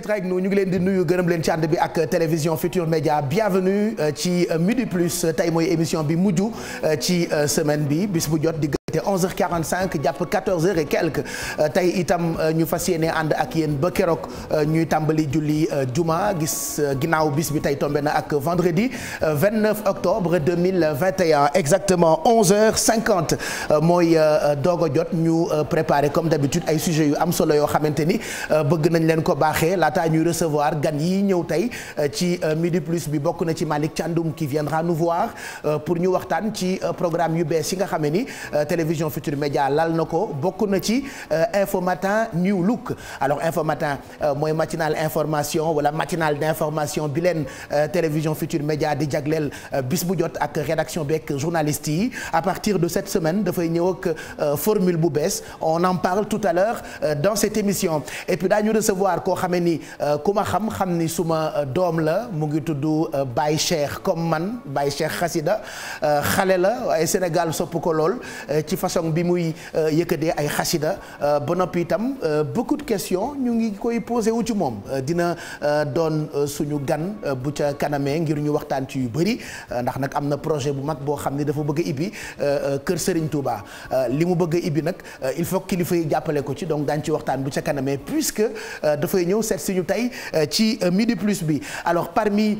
d'être avec ñu ngi leen di nuyu gërëm leen ci ànd bi ak télévision Futur Média bienvenue euh, ci euh, Midi Plus euh, tey mooy émission bi mujj ci semaine bi bis bu jot di te 11 h cinq jàpp 14h et quelques euh, tey itam euh, ñu fas yéene ànd ak yéen ba keroog euh, ñuy tàmbali julli juma gis ginnaaw bis bi tey tombé na ak vendredi 29 octobre 2021 exactement 11h50 mooy doog a jot ñu préparé comme d'habitude ay sujets yu am solo yoo xamante ni bëgg nañ leen ko baaxee laataa ñuy recevoir gan yi ñëw tey ci midi plus bi bokk na ci Malick Thiandoum qui viendra nous voir pour ñu waxtaan ci programme yu bees yi nga xam ni télévision Futur Média lal na ko bokk na ci euh, info matin new look alors info euh, mooy matinale information wala matinale d'information bi leen euh, télévision Futur Média di jagleel bis bu jot ak rédaction beeg journaliste yi à partir de cette semaine dafay ñëw ak formule bu bees on en tout à l'heure dans cette émission et puis daañu recevoir koo xamee ni ku ma xam xam ni suma doom la mu ngi tudd Baye Cheikh comme man bay Cheikh Xasida xale la waaye Sénégal sopp ko lool ci façon bi muy euh, yëkkatee ay xasida euh, ba noppi itam euh, beaucoup de questions ñu ngi koy posé wu ci moom dina doon suñu gan bu ca kanamee ngir ñu waxtaan ci yu bëri ndax nag am na projet bu mag boo xam ne dafa bëgg a ibbi kër Serigne Touba li mu bëgg a ibbi nag il faut kilifa yi jàppale ko ci donc daañu ci waxtaan bu ca kanamee puisque dafay ñëw seet si tey ci midi plus bi alors parmi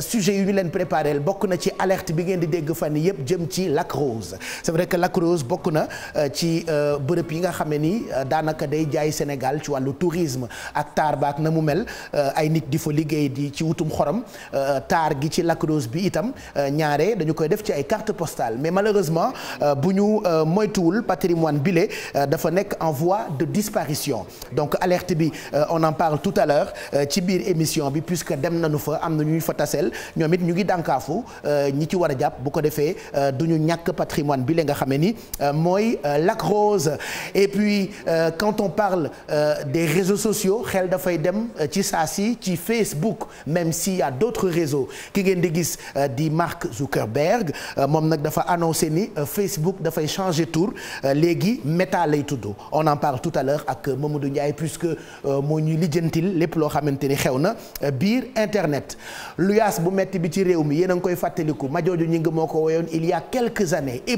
sujet yu ñu leen préparé bokk na ci alerte bi ngeen di dégg fan yëpp jëm ci Lac Rose bokk na euh, ci euh, bërëb yi nga xam ne nii euh, daanaka day jaay Sénégal ci wàllu tourisme ak taar baak na mu mel ay nit di fa liggéey di ci wutum xorom taar gi ci lakk Rose bi itam ñaare dañu koy def ci ay carte postale mais malheureusement bu ñu moytuwul patrimoine bile dafa nekk en voie de disparition donc alerte bi on en parle tout à l'heure ci biir émission bi puisque dem nañu fa am na ñuy fa taseel ñoom it ñu ngi dànkaafu ñi ci war a jàpp bu ko defee du Euh, mooy euh, Lac Rose et puis euh, quand on parle des réseaux sociaux xel dafay dem ci saa si ci Facebook même si y a d'autres réseaux ki ngeen di gis di Mark Zuckerberg moom nag dafa annoncé ni Facebook dafay changer tour léegi Meta lay tudd on en parle tout à l'heure ak Mamadou Ndiaye puisque moo ñuy lijjantil lépp loo xamante ni xew na biir internet luyaas bu metti bi ci réew mi yéen a ngi koy fàttaliku ma jooju ñi ngi moo ko woyoon il y quelques années et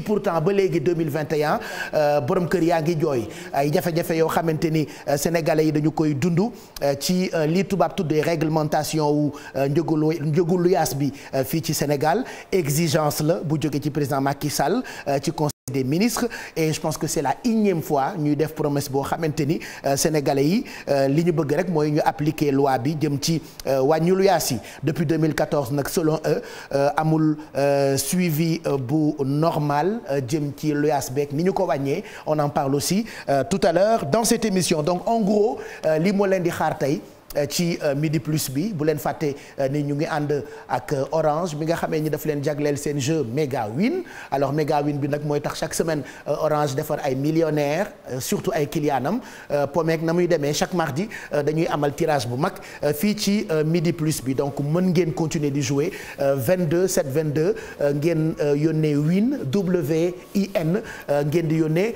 2021 euh, borom kër yaa ngi jooy ay jafe-jafe yoo xamante ni euh, sénégalais yi dañu koy dund euh, ci lii tubaab tuddee réglementation wu njëgulu njëgu luyaas bi fii ci Sénégal exigence la bu jóge ci président Macky Sall ci des ministres et je pense que c'est la énième fois ñuy def promesse boo xamante ni euh, sénégalais yi euh, li ñu bëgg rek mooy ñu appliquer loi bi jëm ci euh, wàññi lu yaas yi depuis 2014 nag selon eux amul suivi bu normal jëm ci lu yaas beeg ni ñu ko wàññee on en parle aussi tout à l'heure dans cette émission donc en gros li moo leen di xaar tey Euh, ci euh, midi plus bi bu leen fàtte euh, ni ñu ngi ànd ak orange bi nga xamee ni daf leen jagleel seen jeu méga win alors méga win bi nag mooy tax chaque semaine orange defar ay millionnaires surtout ay kiliyaanam pomeek na muy demee chaque mardi dañuy amal tirage bu mag fii ci midi plus bi donc mën ngeen continuer di jouer 22 7 22 ngeen yónnee win W N ngeen di yónnee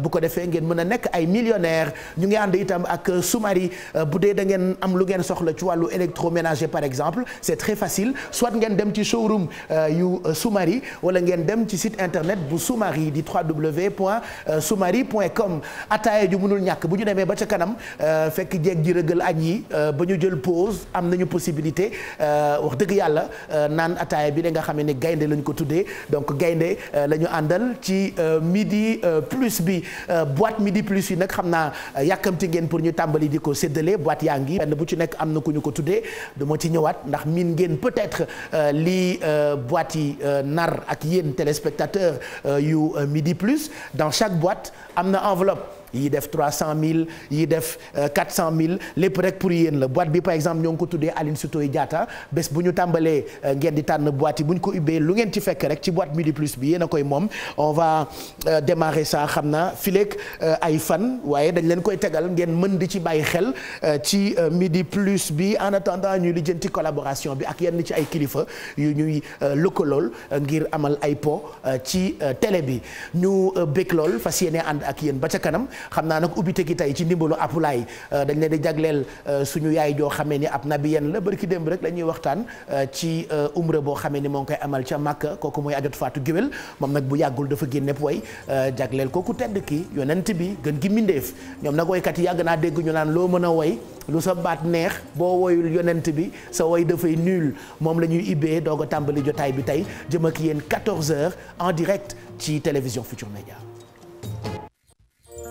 bu ko defee ngeen mën a nekk ay millionnaires ñu ngi ànd itam ak Soumari bu dee ngeen am lu ngeen soxla ci wàllu électroménager par exemple c'est très facile soit ngeen dem ci showroom euh, yu euh, sumari wala ngeen dem ci site internet bu Soumari di www.soumari.com ataaya ju mënul ñàkk bu ñu demee ba ca kanam euh, fekk jeeg ji rëgal añ yi ba ñu jël pause am nañu possibilité wax dëgg yàlla naan ataaya bi la nga xam ni gaynde lañ ko tuddee donc gaynde la àndal ci midi plus bi boîte midi plus yi nag xam naa yàkkamti ngeen pour ñu tàmbali di yaa ngi bu ci nekk am na ku ñu ko tuddee duma ci ñëwaat ndax miin ngeen peut-être euh, lii euh, boit yi euh, nar ak yéen téléspectateurs yu Midi Plus dans chaque boit am na enveloppe yi def trois cent mille yi def euh, quatre cent mille lépp rek pour yéen la boîte bi par exemple ñoo ngi ko tuddee Aline Sitoé jaata bés bu ñu tàmbalee euh, ngeen di tànn boîte yi bu ñu ko ubbee lu ngeen ci fekk rek ci boîte Midi Plus bi yéen koy moom on va euh, démarrer ça xam naa fileek ay fan waaye dañ leen koy tegal ngeen mën di ci bàyyi xel ci Midi Plus bi en attendant ñuy ci collaboration bi ak yenn ci ay kilifa yu ñuy lëkkalool ngir amal ay po ci télé bi ñu bëgg lool fas yéene ànd ak yéen ba ca kanam xam naa nag ubbite gi tey ci ndimbalu apulaay euh, dañ leen di jagleel euh, suñu yaay joo xamee ni ab nabiyen la barki démb rek la ñuy waxtaan euh, ci umra boo xamee ni moo ngi koy amal ca Màkka kooku mooy ajot Faatu Géwél moom nag bu yàggul dafa génne way jagleel kooku tedd ki yonent bi gën gi mbindeef ñoom nag woykat yi yàgg naa dégg ñu naan loo mën a woy lu sa baat neex boo woyul yonent bi sa woy dafay nul moom la ñuy ibbee doog tàmbali jotaay bi tey jëm ak yéen 14 heures en direct ci télévision Futur Média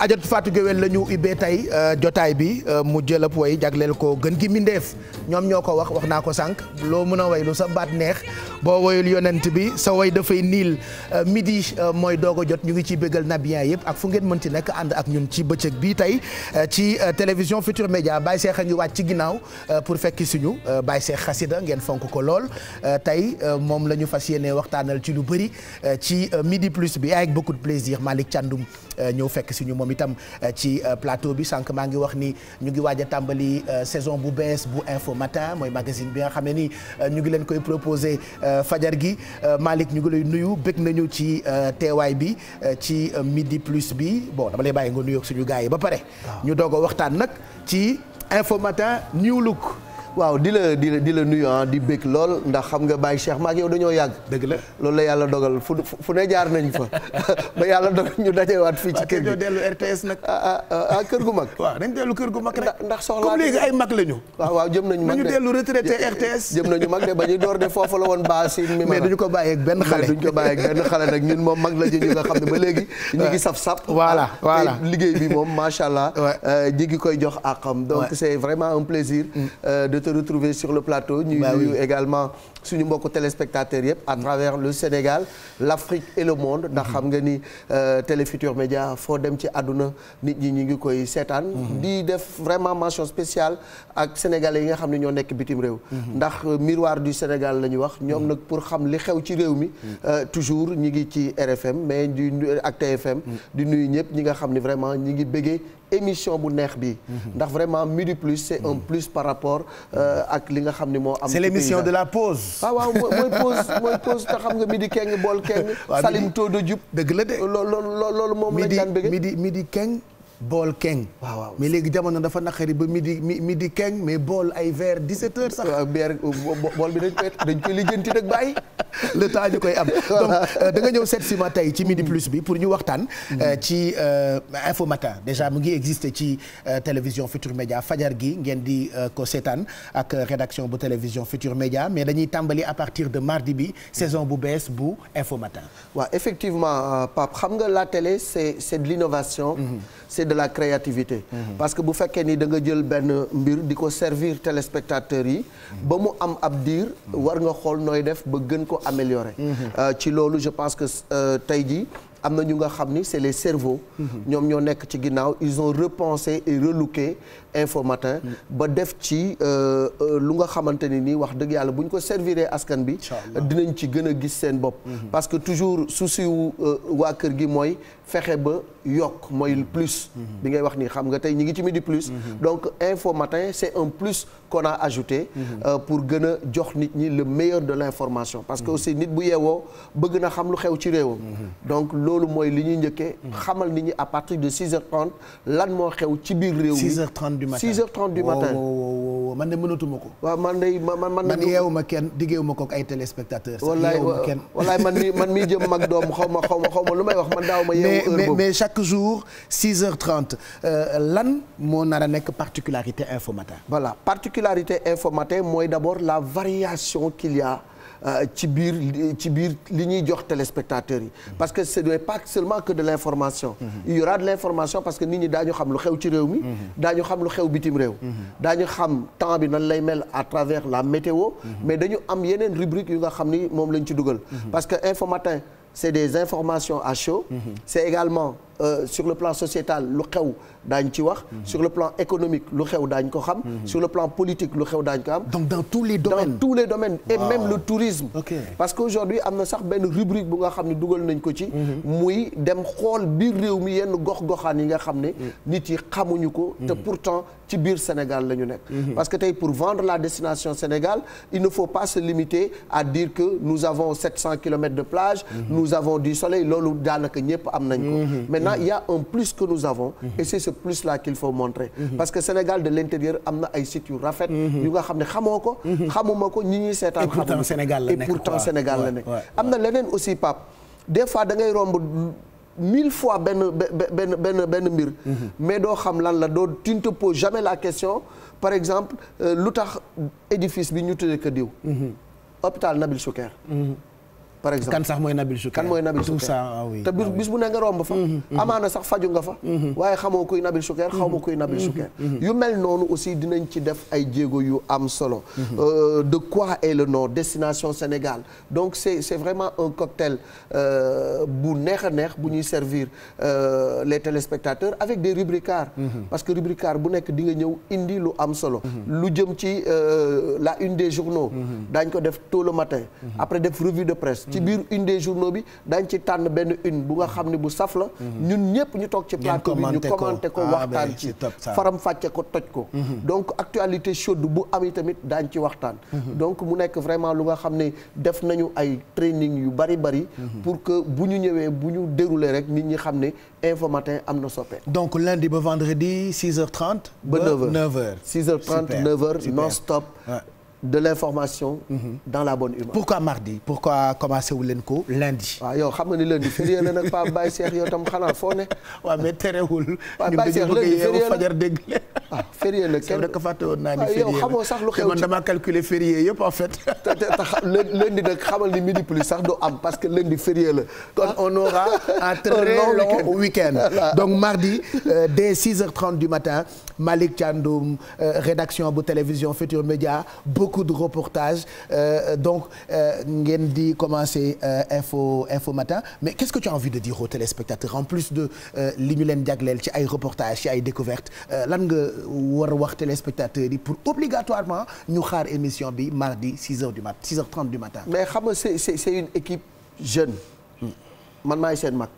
ajot Fatou Guewel la ñu ubbee tey euh, jotaay bi euh, mu jëlëb woy jagleel ko gën gi mindeef ñoom ñoo ko wax wax naa ko sànq loo mën a way lu sa baat neex boo woyul yonent bi sa woy dafay niil euh, midi euh, mooy doogo jot ñu ngi ciy bégal nabiyen yëpp ak fu ngeen mënti nekk ànd ak ñun ci bëccëg bi tey euh, ci télévision Futur Média Baye Cheikh a ngi wàcc ci ginnaaw pour fekk suñu Baye Cheikh xasida ngeen fonk ko lool tey moom la ñu fas yéene waxtaanal ci lu bëri ci midi plus bi avec beaucoup de plaisir Malick Thiandoum ñëw fekk suñu moom itam ci plateau bi sànq maa ngi wax nii ñu ngi waaj tàmbali saison bu bees bu info matin mooy magazine bi nga xam ne ni ñu ngi leen koy proposé Euh, fajar gi euh, Malick ñu ngi lay nuyu bëgg nañu ci euh, teewaay bi ci midi plus bi bon dama lay bàyyi nga nuyoog suñu gars yi ba pare. Ah. ñu doog a waxtaan nag ci Infos Matin New Look. waaw di la di la di la nuyu ah, di bëgg lool ndax xam nga bàyyi Cheikh maak yow dañoo yàgg. dëgg la loolu la yàlla dogal fu fu ne jaar nañ fa ba yàlla dogal ñu dajewaat fii ci kër gi. waaw dellu nag. ah, ah, ah gu mag. waaw dañ dellu kër gu mag rek ndax soxlaa comme léegi ay mag la waaw waaw jëm nañu mag de ñu jëm nañu mag de ba door de foofu la woon baa si mi mais ko bàyyeeg benn xale. duñu ko bàyyeeg benn xale nag ñun moom mag la ñu nga xam ne ba léegi. ñu ngi saf sap. voilà voilà liggéey bi moom macha allah. Euh, ñi ngi koy jox àqam donc c'est vraiment un plaisir mm. euh, te retrouver sur le plateau. ñuy nuyu également suñu mbokku téléspectateurs yëpp à travers le Sénégal l'Afrique et le monde ndax xam nga ni euh, Télé Futurs média foo dem ci àdduna nit ñi ñu ngi koy seetaan di def vraiment mention spéciale ak sénégalais yi nga xam ne ñoo nekk bitim réew ndax euh, miroir du Sénégal la ñuy wax ñoom nag pour xam li xew ci réew mi euh, toujours ñi ngi ci RFM mais di ak TFM di nuyu ñëpp ñi nga xam ne vraiment ñi ngi bëggee émission bu neex bi ndax vraiment Midi Plus c'est un plus par rapport ak li nga xam ne moo am c'est de la pause Ah, waaw mooy pause mooy pause te xam nga di keng bool keng. salim toodo jub dëgg la de. loolu moom lañ daan bëgg midi di keng. bool keng. waaw mais léegi jamono dafa naqari ba midi midi keng mais bool ay vers 17 heures sax. waaw bool bi dañ koy dañ koy lijjanti rek bàyyi. le temps ñu koy am. donc euh, da nga ñëw seet si ma tey ci mini plus bi pour ñu waxtaan. Mm-hmm. Euh, ci euh, info matin déjà mu ngi existé ci télévision Futur Média fajar gi ngeen di ko seetaan ak rédaction bu télévision Futur Média mais dañuy tàmbali à partir de mardi bi saison bu bees bu info matin. effectivement Pape xam nga la télé c'est c'est de c'est de la créativité mhm. parce que bu fekkee ni da jël benn mbir di ko servir téléspectateurs yi mhm. ba mu am ab diir mhm. war nga xool nooy def ba gën ko améliorer euh, ci loolu je pense que euh, tey jii am na ñu nga xam ni c'est les cerveaux ñoom ñoo nekk ci ginnaaw ils ont repensé et relooké info matin ba def ci euh, euh, lu nga xamante ni nii wax dëgg yàlla bu ñu ko servir askan bi dinañ ci gën a gis seen bopp mhm. parce que toujours souci wu euh, waa kër gi mooy fexe ba yokk mooy plus mhm. bi ngay wax nii xam nga tey ñi ngi ci midi plus mhm. donc info matin c'est un plus qu'on ajouté pour gën a jox nit ñi le meilleur de l'information parce que aussi nit bu yeewoo bëgg na xam lu xew ci réewam donc loolu mooy li ñuy njëkkee xamal nit ñi à partir de six heures trente lan moo xew ci biir réew du matin 6h30 du matin man de mënatuma ko. waaw man de man man. man yeewu ma kenn diggeewu ma ko ay téléspectateurs. wallaay wallaay man mii man mii jëm mag doom xaw ma xaw ma lu may wax man daaw ma. yeewu heure boobu mais chaque jour 6 h trente euh, lan moo nar a nekk particularité Infos Matin. voilà particularité Infos Matin mooy d'abord la variation qu'il Euh, ci biir ci biir li ñuy jox téléspectateurs yi parce que ce n'est pas seulement que de l'information il y aura de l'information parce que nit ñi daañu xam lu xew ci réew mi daañu xam lu xew bitim réew ñu xam temps bi nan lay mel à travers la météo mais dañu am yeneen rubrique yu nga xam ni moom lañ ci dugal parce que info matin c'est des informations à chaud c'est également Euh, sur le plan sociétal lu xew daañ ci wax. Mhm. sur le plan économique lu xew daañ ko xam. Mhm. sur le plan politique lu xew daañ ko xam. dans tous les domaines dans tous les domaines. et même le tourisme. Okay. parce que aujourd'hui am na sax benn rubrique bu nga xam ne dugal nañ ko ci. Mhm. muy dem xool biir réew mi yenn gox-goxaan yi nga xam ne. nit yi xamuñu ko. te pourtant ci biir Sénégal la ñu nekk. parce que tey pour vendre la destination Sénégal il ne faut pas se limiter à dire que nous avons 700 kilomètres de plage. nous avons du soleil loolu daanaka ñëpp am nañ maintenant il y a un plus que nous avons mhm. et c'est ce plus là qu'il faut montrer mhm. parce que Sénégal de l'intérieur am na ay sites rafet mhm. yu nga xam ne xamoo ko xamuma ko ñi ñuy seetaan xamuñu et pourtant Sénégal la nekk am na leneen aussi Pape des fois da ngay romb mille fois benn benn benn benn mbir mais doo xam lan la doo tu ne te jamais la question par exemple euh, lu tax édifice bi ñu tuddee ko diw hôpital Nabil Choucair par exemple kan sax mooy Nabil Choucair kan mooy Nabil ah te ah bis bu ne nga romb fa. Mm-hmm, mm-hmm. amaana sax faju nga fa. Mm-hmm. waaye xamoo kuy Nabil Choucair xaw ma kuy Nabil Choucair. yu mel noonu aussi dinañ ci def ay jéego yu am solo. Euh, de quoi est le nom destination Sénégal donc c' est vraiment un cocktail euh, bu neex a neex bu ñuy servir euh, les téléspectateurs avec des rubricards. parce que rubricard bu nekk di nga ñëw indi lu am solo. lu jëm ci la une des journaux. daañ ko def tôt le matin. après def revue de presse. ci mhm. biir une des journaux bi dañ ci tànn benn une bu nga xam ne bu saf la mhm. ñun ñëpp ñu toog ci plateau bi ñu commenté ko ah, waxtaan ci faram fàcce ko toj ko mhm. donc actualité chaude bu am i tamit daañ ci waxtaan donc mu nekk vraiment lu nga xam ne def nañu ay training yu bari bari pour que bu ñu ñëwee bu ñu dérouler rek nit ñi xam ne info am na sope donc lundi ba vendredi 6h30 ba 9h 9h 6h30 9h non stop de l'information mhm. dans la bonne humeur. pourquoi mardi pourquoi commencé wu leen ko lundi. waaw ah, yow xam nga ni lundi férié la nag Pape Baye Cheikh yow tam xanaa foo ne. waaw mais terewul. waaw Baye Cheikh férié la kenn rek fàtte woon naa ni ah, férié yow xamoo sax lu xew man damaa férié yëpp en lundi nag xamal sax do am parce que lundi férié la kon ah, on aura un très long week-end donc mardi euh, dès 6 h du matin Malick Thiandoum euh, rédaction bu télévision Futur Média beaucoup de reportages euh, donc ngeen di commencer info info matin mais qu'est-ce que tu as envie de dire aux téléspectateurs en plus de li ñu leen jagleel ci ay reportages ci ay découvertes lan nga war a wax téléspectateurs yi pour obligatoirement ñu xaar émission bi mardi 6 heures du mat 6 heures 30 matin. mais xam nga c'est c'est une équipe jeune. man maay seen mag.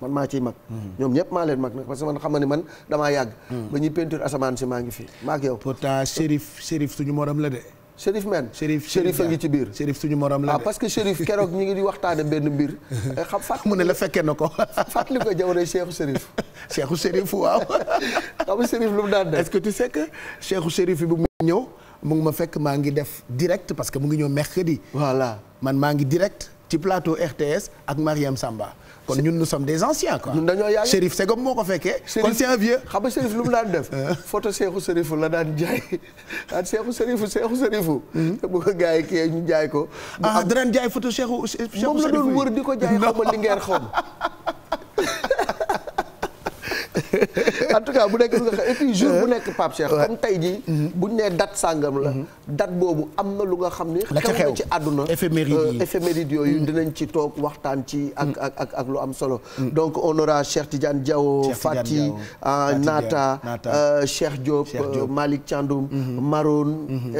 man maa ci mag. ñoom ñëpp maa leen mag nag man xam nga ni man damaa yàgg. ba ñuy peinture asamaan si maa ngi fi maa ak yow. pourtant Chérif Chérif suñu morom la de. Chérif men Chérif Chérif a ngi ci biir. Chérif suñu morom la ah parce que Chérif keroog ñi ngi di waxtaane benn mbir. Eh, xam fàtt mu ne la fekkee na ko. fàttali ko jamono Cheikhu Chérif. Cheikhu Chérif waaw. xam Chérif lu mu daan de est-ce que tu sais que Cheikhu Chérif bi mu ñëw mu ngi ma fekk maa ngi def direct parce que mu ngi ñëw mercredi. voilà man maa ngi direct ci plateau RTS ak Mariam Samba. kon ñun nous sommes des anciens quoi. dañoo yàgg Chérif Segom moo ko fekkee. kon c'est un vieux. xam nga Chérif lu mu daan def. photo Seexu Chérifu la daan jaay ah Seexu Chérifu Seexu Chérifu. Hmm? bu ko gars ñu jaay ko. ah daan jaay photo Seexu Seexu Chérifu moom la doon wër di ko jaay xaw ma li ngeen en tout cas bu nekk et puis jour bu nekk Pape Cheikh comme tey jii mm-hmm. buñ nee date sàngam la mm-hmm. dat boobu am na lu nga xam ni xew na ci àdduna éphéméride euh, yooyu mm-hmm. dinañ ci toog waxtaan ci ak ak ak ak lu am solo donc on aura Cheikh Tidiane Diawo Fati euh, Nata euh, Cheikh Diop Malick Thiandoum Maroon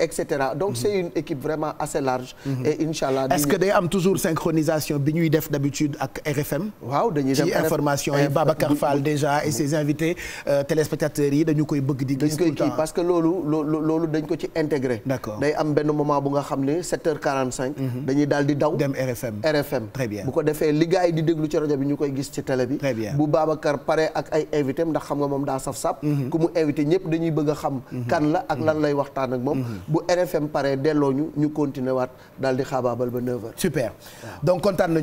et cetera donc c'est une équipe vraiment assez large et inchallah est-ce que day am toujours synchronisation bi ñuy def d'habitude ak RFM waaw dañuy def ci information yi Babacar Fall déjà et ses invités euh, téléspectateurs yi dañu koy bëgg di gis. dañ koy kii parce que loolu loolu dañ ko ci intégré. day am benn moment bu nga xam ne 7h45. Mhm. dañuy daal daw RFM. bu ko defee li di déglu ci rajo bi ñu koy gis ci télé bi. très bien bu Babacar pare ak ay invité ndax xam nga moom daa saf sap. Mhm. ku mu invité ñëpp dañuy bëgg a xam. Mhm. kan la ak lan lay waxtaan ak moom. bu RFM pare delloo ñu ñu continuer waat daal xaabaabal ba 9h. super donc kontaan euh,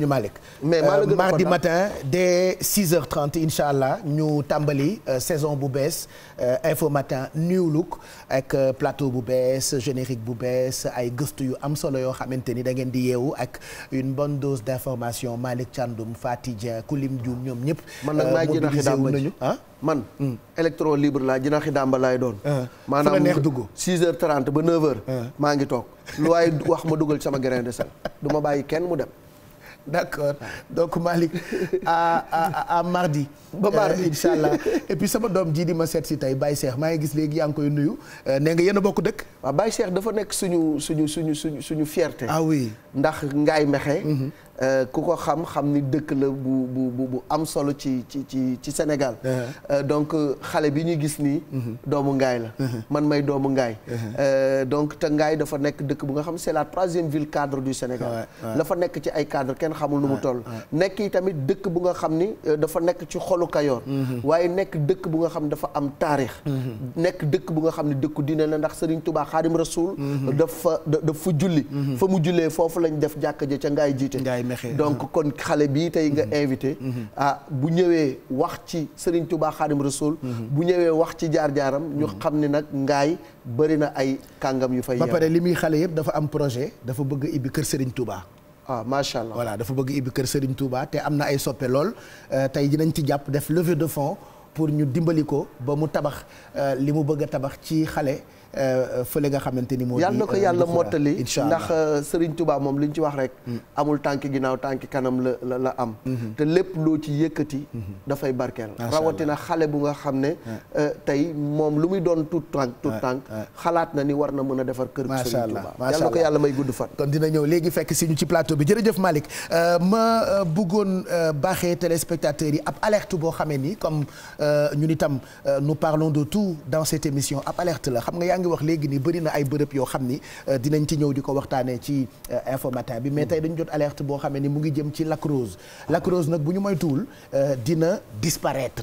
la ñu tàmbali euh, saison bu bees euh, info matin new look ak euh, plateau bu bees générique bu bees ay gëstu yu am solo yoo xamante ni da ngeen di yeewu ak une bonne dose d'information Malick Thiandoum Faty Dia Koulim Dioum ñoom ñëpp. man nag maa jënaaxi dàmba nañu ah man. Hmm. électro libre laa jënaaxi dàmba laay doon. Ah. maanaam neex dugg 6 h ba 9h. Ah. maa ngi toog lu waay wax ma dugal sama grain de sel du ma bàyyi kenn mu dem. d'accord donc Malick à à à mardi. ba mardi euh, incha allah et puis sama doom jii di ma seet si tey Baye Cheikh maa ngi gis léegi yaa ngi koy nuyu euh, nee nga yenn bokk dëkk. waaw Baye Cheikh dafa nekk suñu suñu suñu suñu suñu fierté. ah oui ndax Ngaye Mexe. Euh, ku ko xam xam ni dëkk la bu bu bu am solo ci ci ci ci Sénégal. Uh-huh. Euh, donc euh, xale bi ñuy gis nii. Uh-huh. doomu Ngaay la. Uh-huh. man may doomu Ngaay. donc te Ngaay dafa nekk dëkk bu nga xam c'est la troisième ville cadre du Sénégal. la fa ay cadre kenn xamul nu mu toll. nekk yi tamit dëkk bu nga xam ni dafa nekk ci xolu Kayoor. waaye nekk dëkk bu nga xam dafa am taarix. nekk dëkk bu nga xam ne dëkku dina la ndax Serigne Touba Xaadim Rasoul. dafa dafa julli. fa mu julee foofu lañ def jàkk ja ca Ngaay jiite. neexee donc mhm. kon xale bi tey nga mhm. invité. Mhm. ah bu ñëwee wax ci Serigne Touba Xaadim Rasul. bu ñëwee wax ci jaar jaaram. ñu xam ni nag ngaay bëri na ay kàngam yu fay. ba pare li muy xale yëpp dafa am projet dafa bëgg ibbi kër Serigne Touba. ah macha allah voilà dafa bëgg ibbi kër Serigne Touba te am na ay soppe lool euh, tey dinañ ci jàpp def levée de fonds. pour ñu dimbali ko ba mu tabax euh, li mu bëgg a tabax ci xale euh, fële nga xamante ni moo yàlla na ko euh, yàlla mottali ndax Serigne Touba moom li ñu ci wax rek mm. amul tànk ginnaaw tànk kanam la la la am mm-hmm. te lépp loo ci yëkkati mm-hmm. dafay barkeel rawatina xale bu nga xam ne tey moom lu muy doon tuut tànk tuut tànk xalaat na ni war na mën a defar kër Serigne Touba yàlla ko yàlla may gudd fan kon dina ñëw léegi fekk si ñu ci plateau bi jërëjëf Malick ma bëggoon baaxee téléspectateurs yi ab alerte boo xamee ni Euh, ñun itam euh, nous parlons de tout dans cette émission ab alerte la xam nga yaa ngi wax léegi ni bëri na ay bërëb yoo xam ni euh, dinañ ci ñëw di ko waxtaanee ci info bi mais tey dañu jot alerte boo xam ne ni mu ngi jëm ci Lac Rose Lac Rose nag bu ñu moytuwul dina disparaître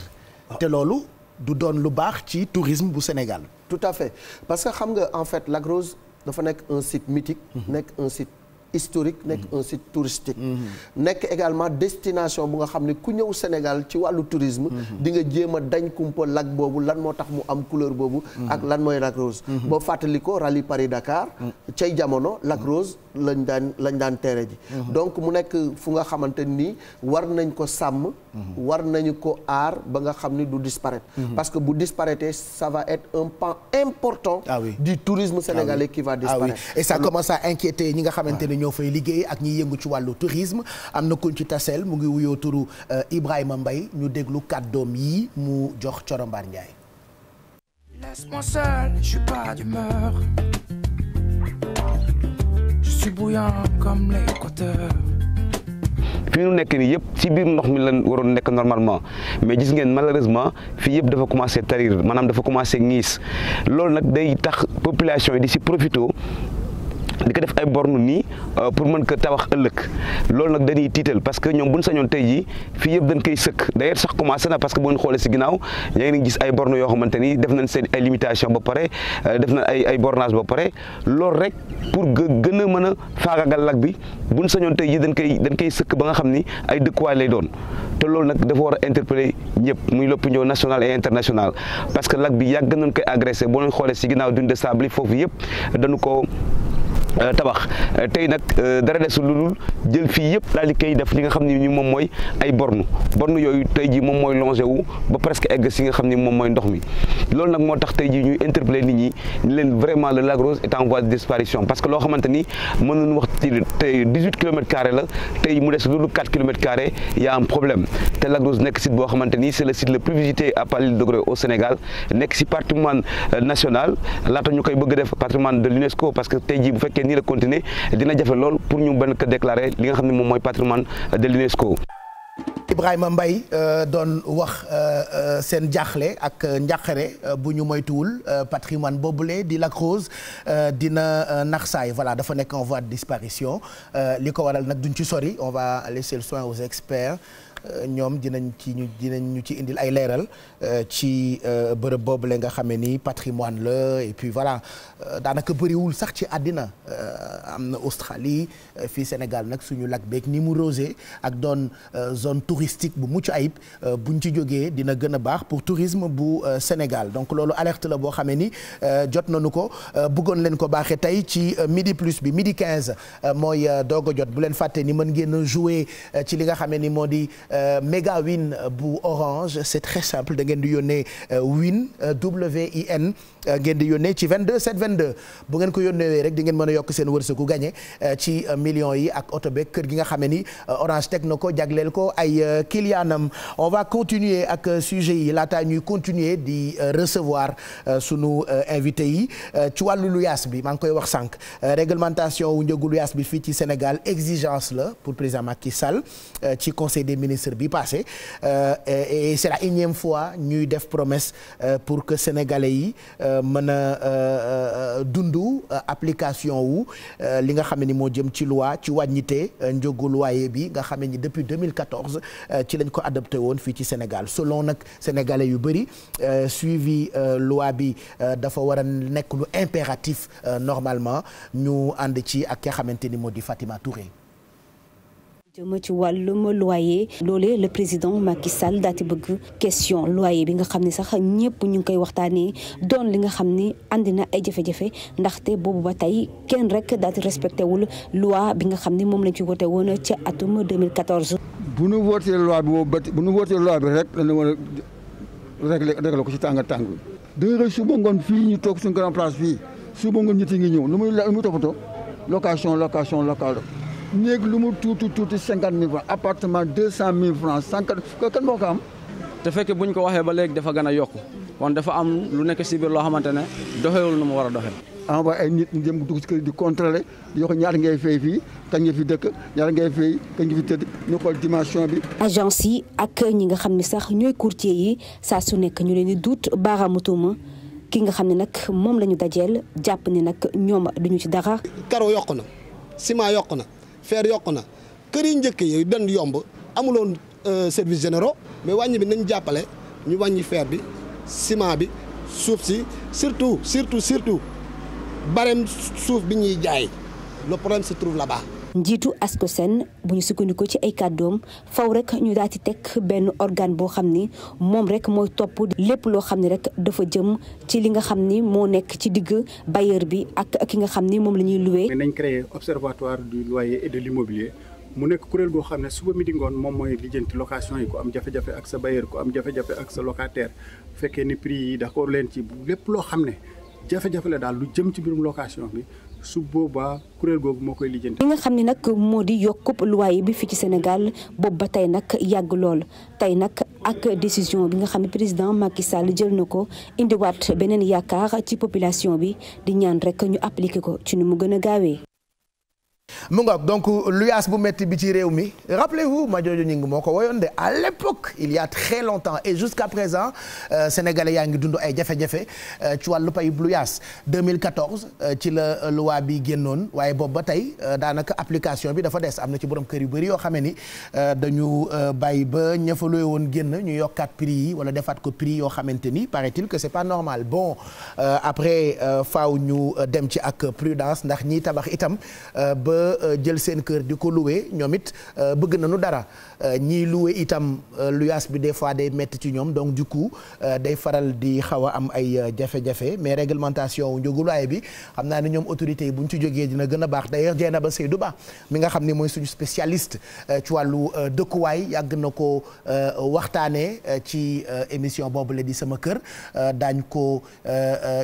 ah. te loolu du doon lu baax ci tourisme bu Sénégal tout à fait parce que xam nga en fait Lac Rose dafa nekk un site mythique mhm. nekk un site historique nekk mhm. un site touristique mhm. nekk également destination bu nga xam ne ku ñëw Sénégal ci wàllu tourisme mhm. di nga jéem a dañ kumpa lag boobu lan moo tax mu am couleur boobu ak lan mooy lac rose boo fàttali ko rallye Paris Dakar cay jamono lac rose lañ daan lañ daan teere ji donc mu nekk fu nga xamante nii war nañ ko sàmm war nañu ko aar ba nga xam ni du disparaître parce que bu disparaître ça va être un pan important ah oui. du tourisme sénégalais ah qui va disparaître ah oui. et ça ñoo fay liggéey ak ñi yëngu ci wàllu tourisme am na kuñ ci taseel mu ngi wuyoo turu euh, Ibrahima mbay ñu déglu kàddoom yi mu jox Corombaar Ndiaye. Laisse-moi seul, je fi ñu nekk nii yëpp ci biir ndox mi la waroon nekk normalement mais gis ngeen malheureusement fii yëpp dafa commencé tarir maanaam dafa commencé ngiis loolu nag day tax population yi di si profito di ko def ay borne nii euh, pour mën ko tawax ëllëg loolu nag dañuy tiitel parce que ñoom bu ñu sañoon tey jii fii yëpp dañ koy sëkk d'ailleurs sax commencé na parce que boo ñu xoolee si ginnaaw yaa ngi gis ay borne ni def nañ seen ay ba pare euh, def nañ ay ay bornage ba pare loolu rek pour gën a mën a faagagal lag bi bu sañoon tey jii dañ koy dañ koy sëkk ba nga xam ni ay dëkkuwaay lay doon te loolu nag dafa war a interpeller ñëpp muy l'opinion national et internationale parce que lag bi yàgg nañ koy agressé boo leen xoolee si ginnaaw dune de sable foofu yëpp dañu ko Euh, tabax euh, tey nag euh, dara desul lu dul jël fii yëpp daal di koy def li nga xam ne ni moom mooy ay borne borne yooyu tey jii moom mooy longé ba presque egg si nga xam ne moom mooy ndox mi loolu nag moo tax tey jii ñu interpeller nit ñi ni leen vraiment le lac rose est en voie de disparition parce que loo xamante ni mën nañu wax ci tey 18 kilomètres carrés la tey mu des lu dul 4 kilomètres carrés y a un problème te lac rose nekk site boo xamante ni c' est le site nii la continuer dina jafe lool pour ñu benn ko déclarer li nga xam ne moom mooy patrimoine de l'UNESCO Ibrahima Mbaye euh, doon wax euh, euh, seen jaaxle ak njàqare bu ñu moytuwul patrimoine boobule di Lac Rose dina naxsaay voilà dafa nekk en voie de disparition li ko waral nag duñ ci sori on va laisser le soin aux experts ñoom dinañ ci ñu dinañ ñu ci indil ay leeral ci bërëb boobule nga xamee ni patrimoine la et puis voilà Euh, daanaka bëriwul sax ci àddina euh, am na Australie euh, fii Sénégal nag suñu lac beek ni mu rosé ak doon zone touristique bu mucc ayib buñ ci jógee dina gën a baax pour tourisme bu Sénégal donc loolu alerte la boo xamee ni jot nañu ko bëggoon leen ko baaxee tey ci midi plus bi midi 15 mooy doogo jot bu leen fàtte ni mën ngeen a jouer ci li nga xamee ni moo di méga win bu orange c'est très simple da ngeen di yónnee win W N. Euh, ngeen di yónnee ci 22 7 22 bu ngeen ko yónneewee rek di ngeen mën a yokk seen wërsëgu gagné euh, ci euh, million yi ak oto beeg kër gi nga xam ne ni orange teg na ko jagleel ko ay kiliyaanam on va continuer ak sujet yi laataa ñuy continuer di recevoir sunu invité yi ci wàllu luyaas bi maa ngi koy wax sànq réglementation wu njëgu luyaas bi fii ci Sénégal exigence la pour président Macky sal ci conseil des ministres bi passé et c'est la énième fois ñuy def promesse pour que sénégalais yi. mën a euh, euh, dund euh, application wu li nga xam ne ni moo jëm ci loi ci wàññite njëgu loyer bi nga xam ne ni depuis 2014 ci lañ ko adopté woon fii ci Sénégal selon nag sénégalais yu bëri suivi loi bi dafa war a nekk lu impératif normalement ñu ànd ci ak ki xamante ni moo di Fatima Touré. jëm ci wàllum loyer loole le président ma Macky Sall daati bëgg question loyer bi nga xam ni sax ñëpp ñu ngi koy waxtaanee doon li nga xam ni andi na ay jafe-jafe ndaxte boobu ba tey kenn rek daati respecté wul loi bi nga xam ni moom lañ ci wote woon ci atum 2014. bu nu wootee loi bi moom bu nu wootee loi bi rek dana a réglé réglé ko ci tàng tàng bi. dëgg suba ngoon fii ñu toog suñu grand place fii suba ngoon ñetti ngi ñëw lu muy lu muy toppatoo location location location. néeg lu mu tuuti tuuti cinquante mille francs appartement deux cent mille francs cinquante kan moo ko am. te fekk bu ñu ko waxee ba léegi dafa gën a yokk kon dafa am lu nekk si loo xamante ne doxewul nu mu war a doxee. envoyé ay nit ñu dem dugg si kër di contrôler di wax ñaar ngay fay fii kañ nga fi dëkk ñaar ngay fay kañ nga fi tëdd ñu xool dimension bi. agence yi ak ñi nga xam ni sax ñooy courtier yi saa su nekk ñu leen di duut baaraamu tuuma ki nga xam ni nag moom la ñu dajeel jàpp ni nag ñoom duñu ci dara. karo yokk na ciment yokk na. feer yokku na kër yi njëkk yi dan yomb amuloon euh, service généro mais wàññi bi nañ jàppale ñu wàññi feer bi ciment bi suuf si surtout surtout surtout barème suuf bi ñuy jaay le problème se trouve là-bas njiitu ASCOSEN bu ñu sukkandiku ci ay kàddoom faw rek ñu daal ci teg benn organe boo xam ni moom rek mooy topp lépp loo xam ne rek dafa jëm ci li nga xam ni moo nekk ci digg bailleur bi ak ki nga xam ni moom la ñuy loué. nañ créé observatoire du loyer et de l'immobilier mu nekk kuréel goo xam ne suba mi di moom mooy lijjanti location yi ko am jafe-jafe ak sa bailleur ko am jafe-jafe ak sa locataire bu fekkee ni prix yi d'accord leen ci lépp loo xam ne jafe la daal lu jëm ci mbirum location bi. su boobaa kuréel googu moo nga xam ne nag moo di yokkub loyer bi fii ci Sénégal boobu ba tey nag yàgg lool tey nag ak décision bi nga xam ne président Macky Sall jël na ko indiwaat beneen yaakaar ci population bi di ñaan rek ñu appliquer ko ci nu mu gën a gaawee. mu ngoog donc luyaas bu metti bi ci réew mi rappelez-vous Madiodio Gningue moo ko woyoon de à l'époque il y a très longtemps et jusqu'à présent euh, sénégalais yaa ngi dund ay jafe-jafe euh, ci wàllu payub luyaas 2014 euh, ci la luwa bi génnoon waaye boobu ba tey daanaka application bi dafa des am na ci borom kër yu bëri yoo xamee ni dañu bàyyi ba ña woon génn ñu yokkaat prix yi wala defaat ko prix yoo xamante ni paraît-il que c'est pas normal bon après faw ñu dem ci ak prudence ndax ñiy tabax itam Euh, jël seen kër di ko loué ñoom it euh, bëgg nañu dara euh, ñiy loué itam luyaas bi des fois day métti ci ñoom donc du coup day faral di xaw a am ay jafe-jafe mais réglementation wu njëgu loyer bi xam naa ne ñoom autorité yi bu ñu ci jógee dina gën a baax ba Dieynaba du Ba mi nga xam ni mooy suñu spécialiste ci wàllu dëkkuwaay yàgg na ko waxtaanee ci émission boobu la di sama kër daañ ko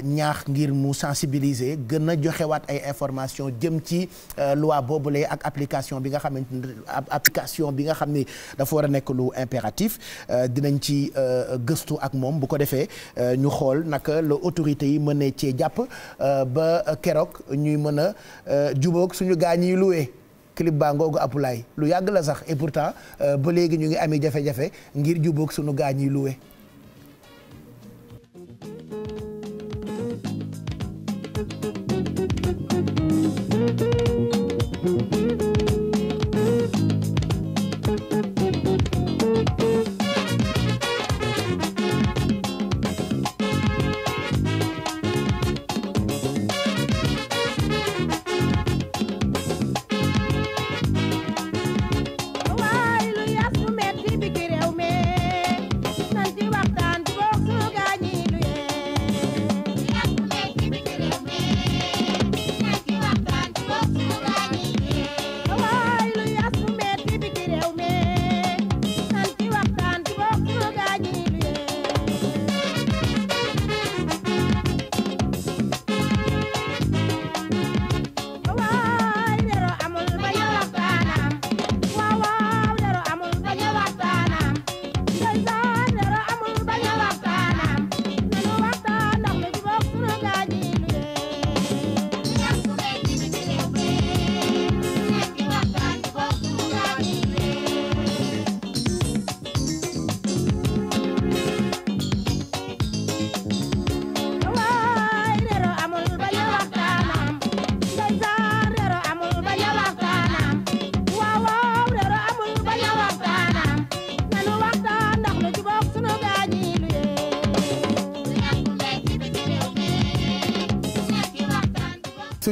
ñaax ngir mu sensibiliser gën joxewaat ay information jëm ci boobu boobule ak application bi nga xamante ni application bi nga xam ni dafa war a nekk lu impératif euh, dinañ ci euh, gëstu ak moom bu ko defee euh, ñu xool naka la autorité yi mën a cee jàpp ba keroog ñuy mën a jubóog suñu gaañ yi loué. clip baa ngoogu appulaay lu yàgg la sax et pourtant ba léegi ñu ngi amee jafe-jafe ngir jubóog suñu gaañ yi loué. thank you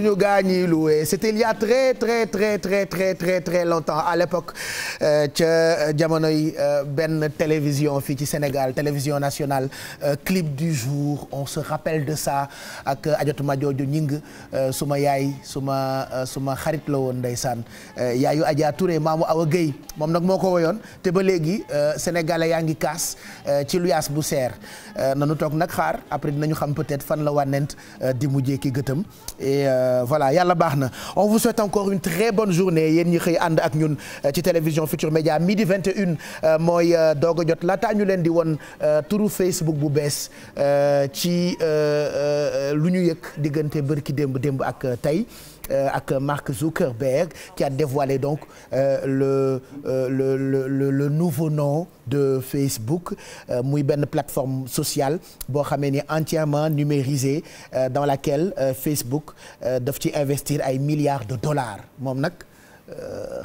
ñu gaañi loué c'était il y a très très très très très très très longtemps à l'époque euh, ca euh, jamonoy euh, benn télévision fii ci Sénégal télévision nationale clip du jour on se rappelle de ça ak euh, ajotuma jooju ñing euh, suma yaay suma euh, suma xarit la woon ndeysaan yaayu Adja Touré maamu Awa Guèye moom nag moo ko woyoon te ba léegi sénégalais yaa ngi kaas ci luyaas bu seer nanu toog nag xaar après dinañu xam peut-être fan la wànnent di mujjee ki gëtam et voilà yàlla baax na on vous souhaite encore une très bonne journée yéen ñi xëy ànd ak ñun ci télévision Futur Média midi 21 mooy doog a jot laataa ñu leen di woon turu Facebook bu bees ci euh, euh, lu ñu yëg diggante bërki démb démb ak euh, tey ak Mark Zuckerberg qui a dévoilé donc le le nouveau nom de Facebook muy benn plateforme sociale boo xamee ni entièrement numérisée dans laquelle Facebook daf ci investir ay milliards de dollars moom nag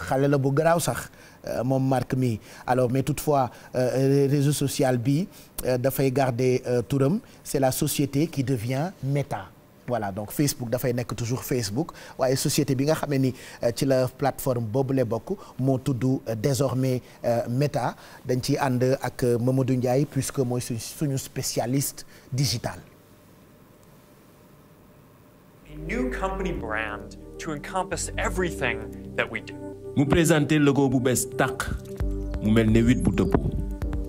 xale la bu garaaw sax. Euh, moom Marc mi alors fois toutefois euh, réseau social bi euh, dafay garder touram c'est la société qui devient Meta voilà donc Facebook dafay nekk toujours Facebook waaye société bi nga xam ne ni ci la plateforme boobu la bokk moo tudd désormais Meta dañ ciy ànd ak Mamadou Ndiaye puisque mooy suñu spécialiste digital. A new company brand to encompass everything that we do. mu présenté logo bu bees tàq mu mel ne huit bu dëpp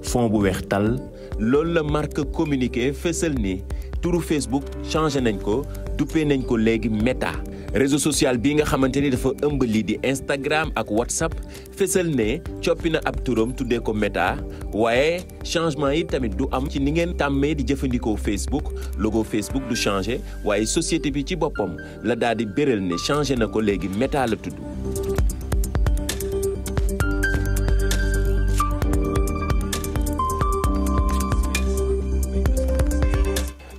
fond bu weex tàll loolu la marque communiqué fësal ni turu Facebook changé nañ ko duppee nañ ko léegi Meta réseau sociale bi nga xamante ni dafa ëmb lii di Instagram ak WhatsApp fësal ne coppi na ab turam tuddee ko Meta waaye changement yi tamit du am ci ni ngeen tàmmee di jëfandikoo Facebook logo Facebook du changé waaye société bi ci boppam la daal di béral ne changé na ko léegi Meta la tudd.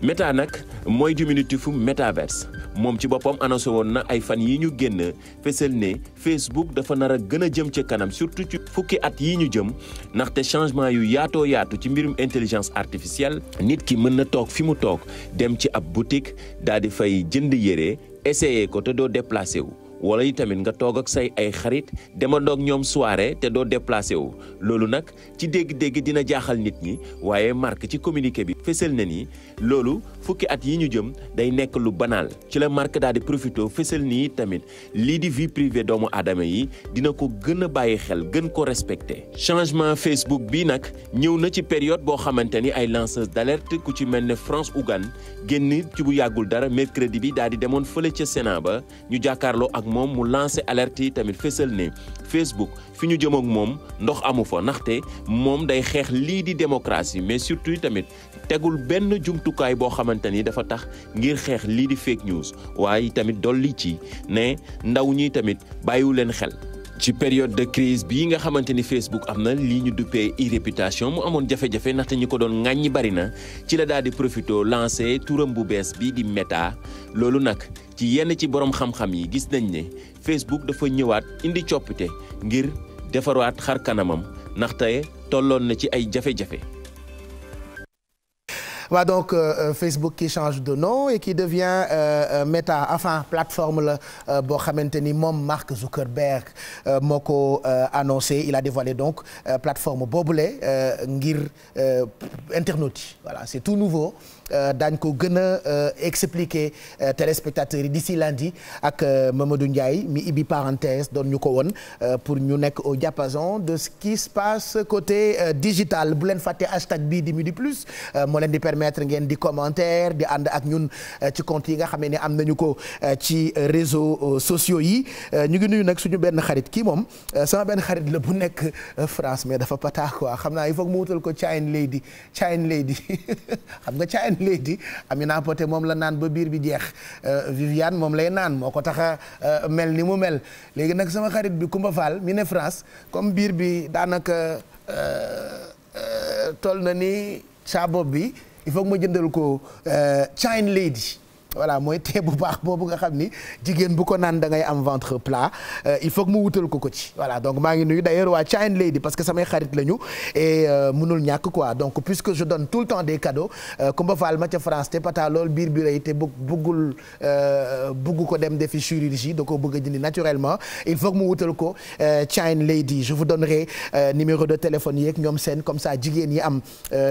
meta nag mooy diminutif métaverse moom ci boppam annoncé woon na ay fan yi ñu génn fesal ne Facebook dafa nar a gën a jëm ca kanam surtout ci fukki at yi ñu jëm ndaxte changement yu yaatoo yaatu ci mbirum intelligence artificielle nit ki mën na toog fi mu toog dem ci ab boutique daal di fay jënd yére essayer ko te doo déplacé wu. wala yi tamit nga toog ak say ay xarit demandoog ñoom soirée te doo déplacé wu loolu nag ci dégg-dégg dina jaaxal nit ñi waaye marque ci communiqué bi fësal na ni loolu fukki at yi ñu jëm day nekk lu banal ci la marque daal di profité fësal nii tamit lii di vie privée doomu aadama yi dina ko gën a bàyyi xel gën ko respecté changement Facebook bi nag ñëw na ci période boo xamante ni ay lanceuse d'alerte ku ci mel ne France Hogan génn ci bu yàggul dara mercredi bi daal di demoon fële ca Sénat ba ñu jàkkaarloo ak moom mu lancé alerte yi tamit fésal ne Facebook fi ñu jëm ak moom ndox amu fa ndaxte moom day xeex lii di démocratie mais surtout tamit tegul benn jumtukaay boo xamante ni dafa tax ngir xeex lii di fake news waaye tamit dolli ci ne ndaw ñi tamit bàyyiwu leen xel. ci période de crise bii nga xamante ni Facebook am na lii ñu duppee e-réputation mu amoon jafe-jafe ndaxte ñu ko doon ŋàññi bari na ci la daal di profité lancé turam bu bees bii di Meta loolu nag ci yenn ci borom xam-xam yi gis nañ ne Facebook dafa ñëwaat indi coppite ngir defaraat xar kanamam ndaxte tolloon na ci ay jafe-jafe. waa donc euh, euh, Facebook qui change de nom et qui devient euh, Meta enfin plateforme la boo xamante ni moom Mark Zuckerberg moo ko annoncé il a dévoilé donc plateforme boobule ngir internautes yi voilà c'est tout nouveau Euh, daañ ko gën a euh, expliquer euh, téléspectateurs yi d'ici lundi ak mamadu Ndiaye mi ibi parenthèse doon ñu ko woon pour ñu nekk au diapason de ce qui se passe côté digital bu leen fàtte hashtag bii di Midi Plus moo leen di permetre ngeen di commentaire di ànd ak ñun ci compte yi nga xam ne am nañu ko ci réseau sociaux yi ñu ngi nuyu nag suñu benn xarit kii moom sama benn xarit la bu nekk France mais dafa pata quoi xam naa il faut mu wutal ko Chine lady Chine lady léegi Amina Poté moom la naan ba biir bi jeex euh, Viviane moom lay naan moo ko tax euh, mel ni mu mel léegi nag sama xarit bi Kumba Fall mi ne France comme biir bi daanaka euh, toll na ni saa bi il faut ma jëndal ko Chine Lady. voilà mooy thé bu baax boobu nga xam ni jigéen bu ko naan dangay am ventre plat euh, il faut mu wutal ko ko ci voilà donc maa ngi nuyu d'ailleurs waa Chine Lady parce que samay xarit lañu et euh, mënul ñàkk quoi donc puisque je donne tout le temps des cadeaux Kumba euh, Fall ma ca France te pata lool biir bi rey te bu buggul bugg ko dem defi chirurgie da ko bëgg a dindi naturellement il faut mu wutal ko Chine Lady je vous donnerai numéro de téléphone yeeg ñoom seen comme ça jigéen yi am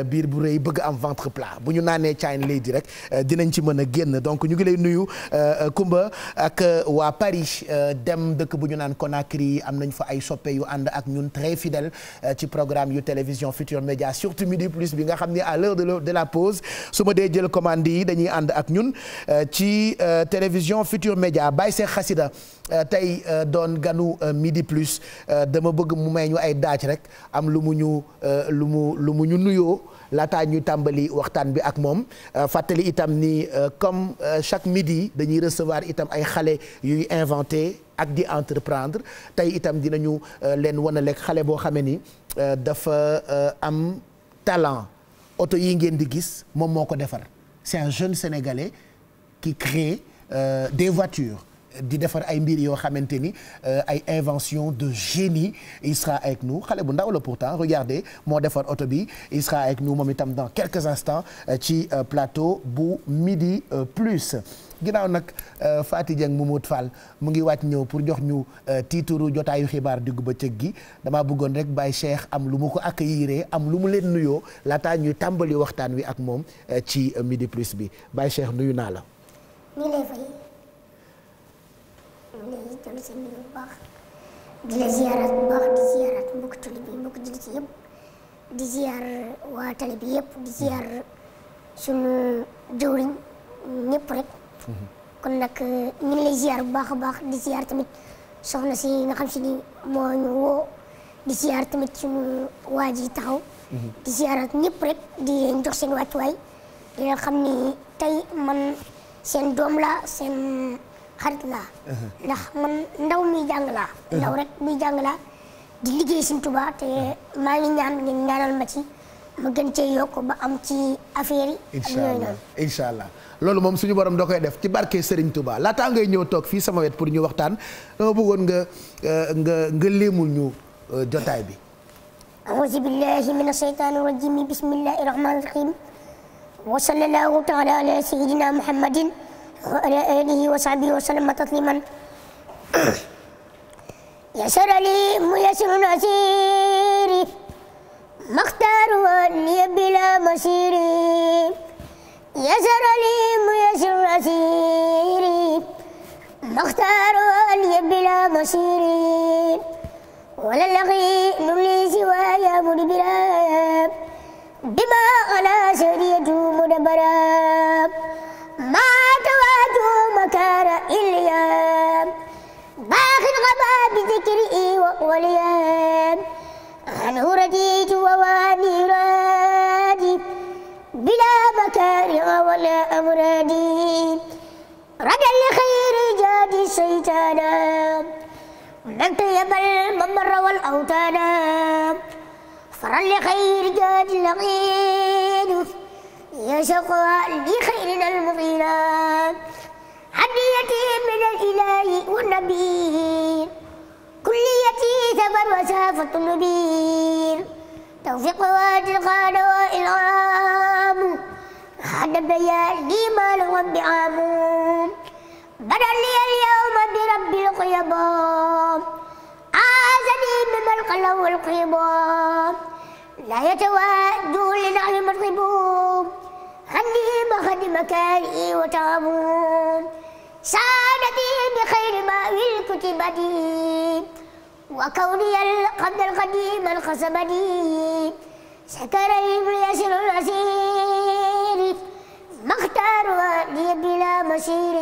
biir bu rëy bëgg am ventre plat bu ñu naanee Chine Lady rek dinañ ci mën a génn donc ñu ngi lay nuyu Kumba euh, ak euh, waa Paris euh, dem dëkk bu ñu naan Conakry am nañ fa ay soppe yu ànd ak ñun très fidèle ci programme yu télévision Futur Média surtout Midi Plus bi nga xam ni à l'heure de la pause su ma dee jël commande yi dañuy ànd ak ñun ci télévision Futur Média Baye Seex Xasida tey doon ganu Midi Plus dama bëgg mu may ñu ay daaj rek am lu mu ñu lu mu lu mu ñu nuyoo laataa ñuy tàmbali waxtaan bi ak moom euh, fàttali itam ni euh, comme euh, chaque midi dañuy recevoir itam ay xale yuy inventé ak di entreprendre tey itam dinañu leen wanaleeg xale boo xamee ni dafa am talent oto yi ngeen di gis moom moo ko defar c'est un jeune sénégalais qui crée euh, des voitures di defar ay mbir yoo xamante ni euh, ay invention de génie il sera avec xale bu ndaw la pourtant regardez moo defar oto bi il sera avec moom itam dans quelques instants euh, ci euh, plateau bu midi plus ginnaaw nag Faty Dieng Moumoud Fall mu ngi wàcc ñëw pour jox ñu tiituru jotaayu xibaar diggu bëccëg gi damaa bëggoon rek Baye Cheikh am lu mu ko accueillir am lu mu leen nuyoo laataa ñuy tàmbali waxtaan wi ak moom ci midi plus bi Baye Cheikh nuyu naa la. ñu ngi jël baax di la ziyaaraat bu baax di ziyaaraat mbokk tali bi mbokk yëpp di ziyaar waa tali bi yëpp di ziyaar sunu jëwriñ ñëpp rek kon nag ñu bu baax a baax di ziyaar tamit soxna si xam si ni moo ñu woo di ziyaar tamit sunu waa ji taxaw di ziyaaraat ñëpp rek di leen jox seen wàccuwaay di nga xam ni tey man seen doom la seen xarit laa ndax man ndaw mi jàng laa ndaw rek mi jàng laa di liggéey Sëñ Tuubaa te maa ñaan ngeen ñaanal ma ma gën cee yokk ba am ci affaire yi ak yooyu noonu allah loolu moom suñu borom da koy def ci barke Serigne Touba laataa ngay ñëw toog fii sama wet pour ñu waxtaan dama bëggoon nga euh, nga nga léemul ñu euh, jotaay bi aouzu billahi min asheytaani rajim bismillahi rahmaani rahim wa sallallahu taala ala muhammadin وعلى آله وصحبه وسلم تسليما يسر لي ميسر عسيري ما اختار أني بلا مسيري يسر لي ميسر عسيري ما اختار أني بلا مسيري ولا اليقين لي سوايا مدبرا بما على سرية مدبرا وكان إليام باخ غبا بذكري ووليام عنه رديت وواني رادي بلا مكاره ولا أمرادي رجا لخير جادي الشيطانا لم تيب الممر والأوتانا فرا لخير جاد لقيد يشقى لخيرنا المضينا هديتي من الإله والنبي كليتي سفر وسافة نبير توفيق وادي القاد وإلغام حد بيالي ما لهم بعام بدا لي اليوم برب القيامام عازني من القلب والقيامام لا يتوادوا لنعم الغبوم هني مخدم كارئي وتعبون سعادتي بخير ما الكتبتي وكوني قبل القديم الخصبتي سكر يسر الأسير مختار ودي بلا مسير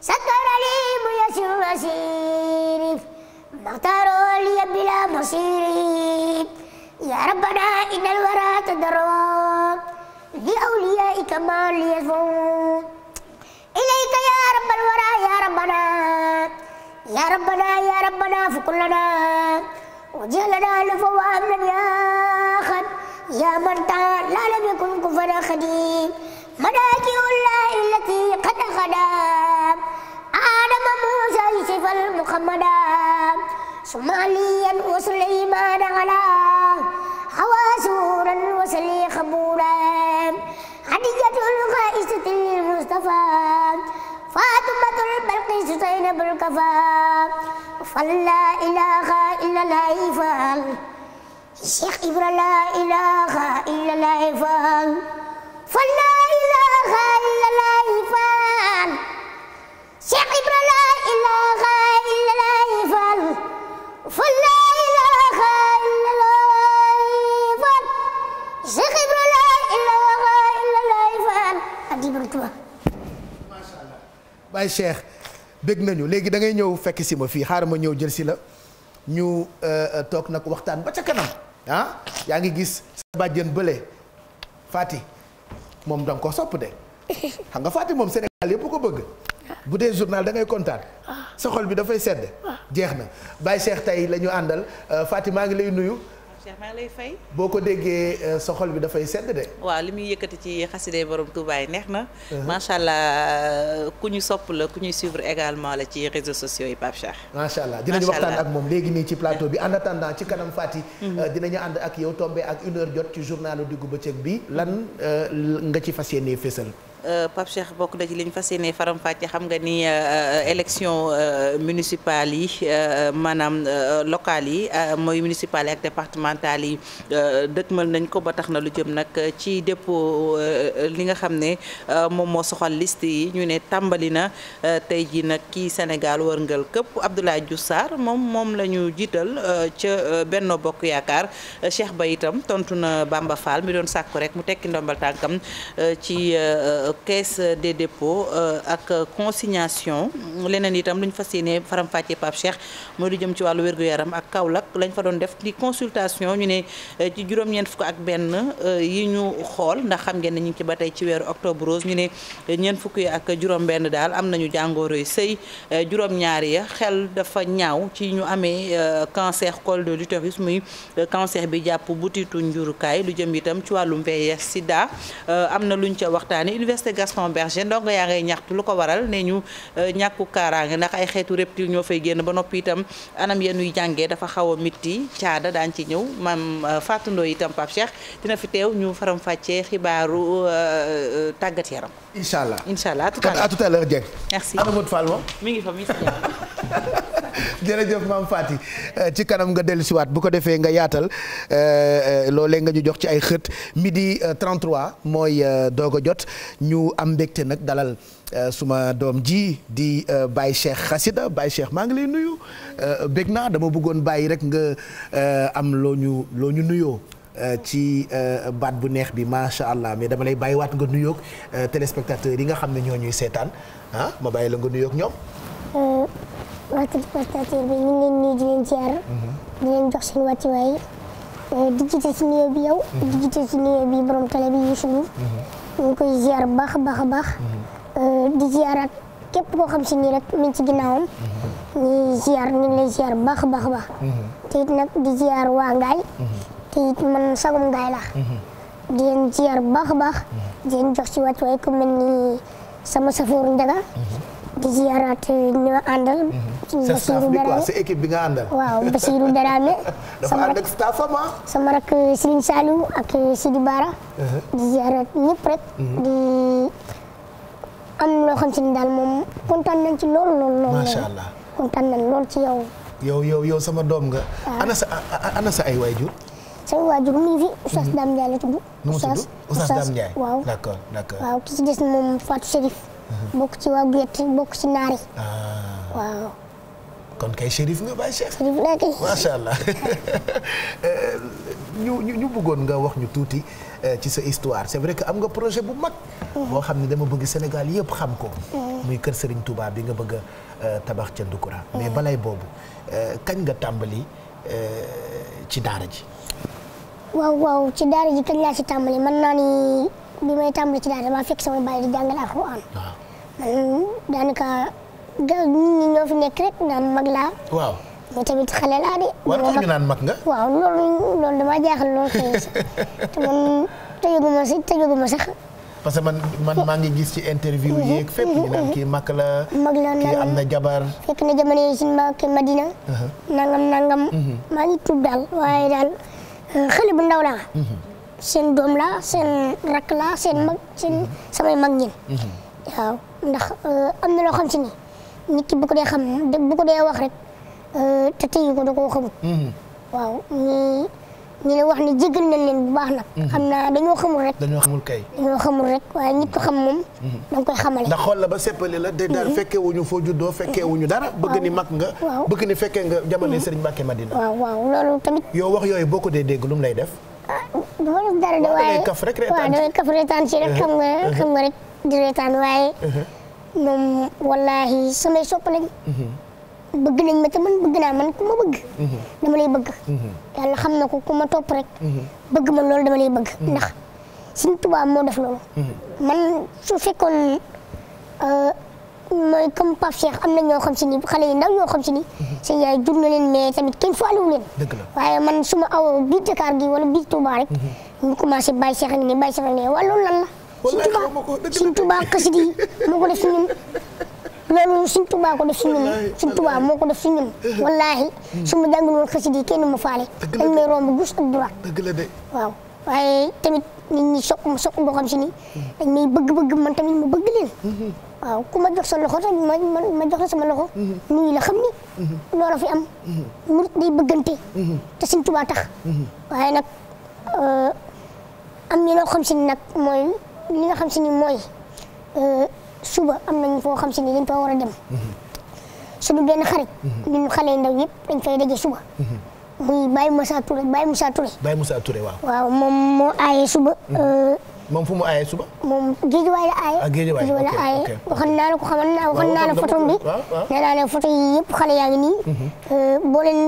سكر لي يسر الأسير مختار لي بلا مسير يا ربنا إن الورى تدرى لأوليائك ما ليفوق يا ربنا يا ربنا فكن لنا واجعل لنا ألفا وأمنا يا أحد يا من تعالى لم يكن كفنا خديم مناكب الله التي قد خدا آدم موسى يوسف محمدا ثم عليا وسليمان على هوى سورا وسلي خبورا هدية الخائسة للمصطفى فاطمة البلقيس زينب الكفا فلا إله إلا الله فهم الشيخ إبرا لا إله إلا الله فهم فلا إله إلا الله فهم الشيخ إبرا لا إله إلا الله فهم فلا إله Baye Cheikh bég nañu léegi da ngay ñëw fekk si ma fii xaaral ma ñëw jël si la ñu euh, euh, toog nag waxtaan ba ca kanam ah yaa ngi gis sa bàjjen bële faati moom da nga ko sopp de xam nga Fati moom Sénégal yëpp ko bëgg bu dee journal da ngay kontaan ah. soxol bi dafay sedd ah. jeex na Baye Cheikh tey lañu àndal euh, Fati maa ngi lay nuyu. Cheikh lay fay. boo ko déggee euh, sa xol bi dafay sedd de. waaw li muy yëkkati ci xaside borom Touba yi neex na. Uh-huh. macha allah euh, ku ñu sopp la ku ñuy suivre également la ci réseaux sociaux yi Pape Cheikh. macha allah dinañu waxtaan ak moom léegi nii ci plateau bi en attendant ci kanam dina mm-hmm. euh, dinañu ànd ak yow tombé ak une jot ci journalu diggu bëccëg bi lan nga ci fas yéenee fésal. Euh, Pape Cheikh bokk na ci li fas yéene faram-fàcce xam nga ni euh, euh, élection municipale yi maanaam locale yi mooy municipale ak départementale yi dëkkmal nañ ko ba tax na lu jëm nag ci dépôt li nga xam ne moom moo soxal liste yi ñu ne tàmbali na tey ji nag kii Sénégal wërngal këpp Abdoulaye Diouf saar moom moom la ñu jiital ca Benno Bokk Yaakaar Cheikh Ba itam tontu na Bamba Fall mi doon sàkku rek mu tekki ndombal tànkam ci. caisse des dépôts euh, ak consignation leneen itam lu ñu fas yéene faram-fàccee Pape Cheikh mooy lu jëm ci wàllu wér-gu-yaram ak Kaolack lañ fa doon def di consultation ñu ne euh, ci juróom-ñeent fukk ak benn euh, yi ñu xool ndax xam ngeen ne ñu ngi ci ba tey ci weeru octobre ñu ne ñeent fukk yi ak juróom-benn daal am nañu jàngoro yu sëy juróom-ñaar ya xel dafa ñaaw ci ñu amee cancer col de l'utérus muy cancer bi jàpp butitu njurukaay lu jëm itam ci wàllu VIH sida am na luñ ca waxtaanee université Gaston Berger ndongo yaa ngay ñaxtu lu ko waral nee ñu euh, ñàkku kaaraange ndax ay xeetu reptile ñoo fay génn ba noppi itam anam ya nuy jàngee dafa xaw a mitti caada daan ci ñëw maam euh, fàttandoo itam Pape Cheikh dina fi teew ñu faram fàccee xibaaru euh, tàggat yaram. incha allah incha allah à tout ana Modou Fall moom mi ngi fa mi jërëjëf maam Fati euh, ci kanam nga dellusiwaat bu ko defee nga yaatal euh, euh, loole nga ñu jox ci ay xët midi 33 mooy doog a jot ñu am mbégte nag dalal suma doom ji di Baye Cheikh Xasida Baye Cheikh maa ngi lay nuyu bég naa dama bëggoon bàyyi rek nga am loo ñu loo ñu nuyoo. ci baat bu neex bi macha allah mais dama lay waat nga nuyoog téléspectateurs yi nga xam ne ñoo ñuy seetaan ah ma bàyyi la nga nuyoog ñoom. waa kër prestataire bi ñu ngi leen nuyu di leen ziar. Mhm. di leen jox seen wàccuwaay. Euh, di jiite si nuyoo bi yow. Mhm. di si nuyoo bi borom télé bi Youssou Ndour. Mhm. ñu ngi koy ziar baax a baax a baax. Euh, di ziar ak képp koo xam si nii rek mi ngi ci ginnaawam. ñuy ziar ñu ngi lay baax a baax a baax. te di ziar waa Ngaay. te it man sagum Ngaay la di leen ziar baax a baax. di leen jox si wàccuwaay ku mel ni sama safoor Ndiaga. di ziaraate ñu àndal. Mhm. sa staff bi quoi sa équipe bi nga àndal. waaw Basiirou dafa ànd ak staffam ah. sama rak euh, Serigne ak euh, Sidi Bara. Mhm. di ziaraat ñëpp rek. Mhm. di am loo xam si ne daal moom kontaan nañ ci lool lool lool. macha allah kontaan nañ lool ci yow. yow yow yow sama doom nga. ana sa ana sa ay waajur. sama waajur mi fi Oustaz Dame Ndiaye la tudd. Oustaz Oustaz Dame Ndiaye. waaw ki si des moom Fatou Chérif. bokk ci waa Guèye te bokk ci naar yi. Ah. waaw. kon kay Chérif nga ba Cheikh. Chérif macha allah eh, ñu ñu ñu bëggoon nga wax ñu tuuti eh, ci sa histoire c'est vrai que am nga projet bu mag. boo xam ne dama bëgg Sénégal yëpp xam ko. Mm. muy kër Serigne tubaab bi nga bëgg a eh, tabax ca Ndukkura. mais mm. balay boobu kañ nga tàmbali ci daara ji. waaw waaw ci daara ji kañ laa ci tàmbali mën naa ni. bi may tàmbali ci daal damaa fekk sama baay di jàngal alxuraan. man daanaka gars ñi ñoo fi nekk rek naan mag laa. waaw mais tamit xale laa de. war ñu naan mag nga. waaw loolu loolu jaaxal loolu xëy si man tëjaguma si sax. parce que man maa ngi gis ci interview mhm. yeeg mhm. fekk na jamono si ma kii Madina. Mhm. nangam nangam. maa ngi tuub daal waaye daal xale bu ndaw laa. seen doom laa seen rakk laa seen mag seen samay mag ñin waaw ndax eh, am na loo xam si ne nit ki bu ko dee xam ko dee wax rek eh, ko da koo xamul mm-hmm. waaw wax ne jégal nañ leen bu baax nag mm-hmm. xam naa dañoo xamul dañoo xamul kay dañoo xamul rek waaye nit ko xam moom mm-hmm. da koy xamale ndax xool la ba seppali la de daal fekkee wuñu foo juddoo fekkewuñu wuñu dara bëgg ni mag nga bëgg ni fekkee nga jamono Serigne Mbacké Madina waaw waaw loolu tamit yoo wax yooyu boo ko dee dégg lu lay def ah, dafa def dara de waaye kaf rek reetaan waaw damay kaf reetaan ci rek xam nga xam nga rek di reetaan waaye moom wallaahi samay sopp lañ bëgg nañ ma te man bëgg naa man ku ma bëgg dama lay bëgg yàlla xam na ko ku ma topp rek bëgg man loolu dama lay bëgg ndax suñ tubaab moo def loolu man su fekkoon mooy comme Pape Cheikh am na ñoo xam si ni xale yu ndaw yoo xam si ni seen yaay jur na leen mais tamit kenn faalewu leen waaye man su ma awoo biir Dakar gi wala biir Touba rek mhm. ñu commencé la suñ Touba suñ ko def si ñun loolu ko def si ñun suñ moo ko def si ñun wallaahi mhm. su ma jàngul woon xasida yi kenn ma faale dañ may romb gauche ak droite waaw waaye tamit nit ñi soq soq boo xam si ni mhm. dañ may bëgg man tamit ma bëgg leen waaw ku ma jox sa loxo rek ma ma jox la sama loxo. Mhm. nuyu la xam ni. Mhm. loolu fi am. Mhm. murit day bëggante. te Sëñ Tuubaa tax. waaye nag euh, am ñu loo xam si ni nag mooy li nga xam si ni euh, suba am nañu foo xam si ni dañ fa war a dem. suñu benn xarit. ñun xale nda yëpp dañ fay daje suba. muy Baye Moussa Touré Baye Moussa Touré. Baye Moussa Touré waaw. moom moo aaye suba. Euh, moom fu mu aayee suba. moom géejewaay la aayee. ah géejewaay ok la aayee waxoon naa la ko xamal naa waxoon naa la photo bi. yi yëpp xale yaa ngi nii. Mhm. Euh, boo leen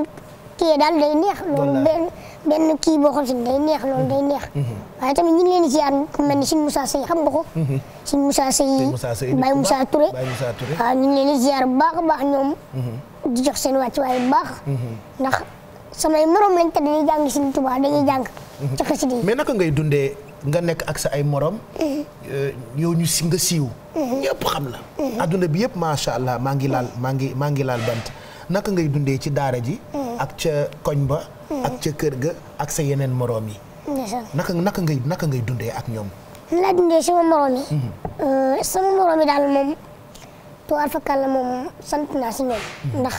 kii daal day neex. loolu benn benn kii boo xam si day neex loolu day mhm. neex. Mhm. waaye tamit ñu ngi leen di ni Sine Moussa Seye xam nga ko. Sine Moussa Seye Baye Moussa Touré waaw ñu ngi leen di ziar baax a baax ñoom. di jox seen wàccuwaay bu baax. ndax samay morom lañ te dañuy jàng si Tuubaa dañuy jàng. ci xasida yi mais naka ngay dundee. nga nekk ak sa ay moroom mhm. yow ñu si nga siiw. Mhm. ñëpp xam la. àdduna mhm. bi yëpp macha allah maa ngi laal maa ngi maa ngi laal bant naka ngay dundee ci daara ji. ak ca koñ ba. ak ca kër ga ak sa yeneen moroom yi. naka naka ngay naka ngay dundee ak ñoom. la dundee sama morom yi. Euh, sama morom yi daal moom. to alfakar la moom sant naa si ñoom. ndax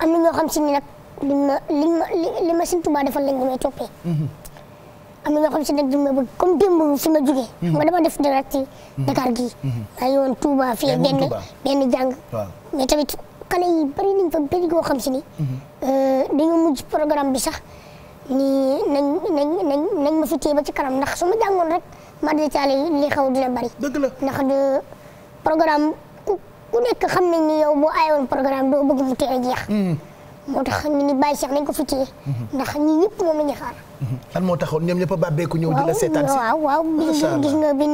am na ñoo xam si ne nag li ma li ma li ma defal lañ damay toppee. am na ñoo xam si nag duñ ma bëgg comme démb fi ma jugee. Mhm. ma dama def dara ci mhm. Dakar gii. Mhm. ay yoon Touba fii benn benn jàng. mais tamit xale yi bëri nañ fa bëri goo xam si ni. Euh, dañoo mujj programme bi sax nii nañ nañ nañ nañ ma fi ba ci kanam ndax so ma jàngoon rek ma di caale yi li xaw dina bëri. dëgg la ndax de programme ku ku nekk xam nañ ni yow boo aayoon programme doo bëgg mu teel a jeex. moo tax ñu ni bàyyi Cheikh nañ ko fi téye. Mhm. ndax ñi ñëpp moom la mhm. moo taxoon ñoom ñëpp a bàbbeeku ñëw di la seetaan si. waaw waaw gis nga bi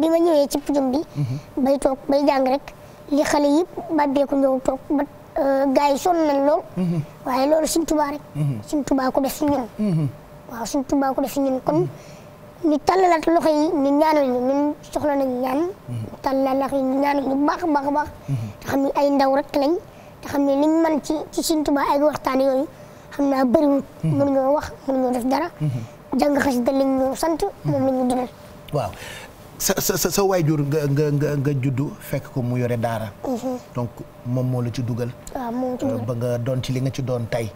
bi ma ñëwee ci pujum bi. Mhm. bay toog bay jàng rek li xale yëpp bàbbeeku ñëw toog ba euh, gars yi sonn nañ lool. waaye loolu suñ tubaa rek. suñ tubaa si ñun. waaw suñ tubaa ko si ñun kon ñu tàllalaat loxo yi ñu ñaanal ñu ñun soxla nañu ñaan. ñu tàllalaat loxo yi ñu ñaanal ñu baax a baax a baax. te xam ne ay ndaw rek lañ. te xam ne liñ man ci ci Sëriñ ay waxtaan yooyu xam naa bëriwul. Hmm. mën nga wax mën nga def dara. Hmm. jàng xasida liñ ñu sant. moom la ñu waaw sa sa sa waajur nga nga nga nga juddu fekk ko mu yore daara. Hmm. donc moom moo la ci dugal. moo ci ba nga doon ci li nga ci doon tey.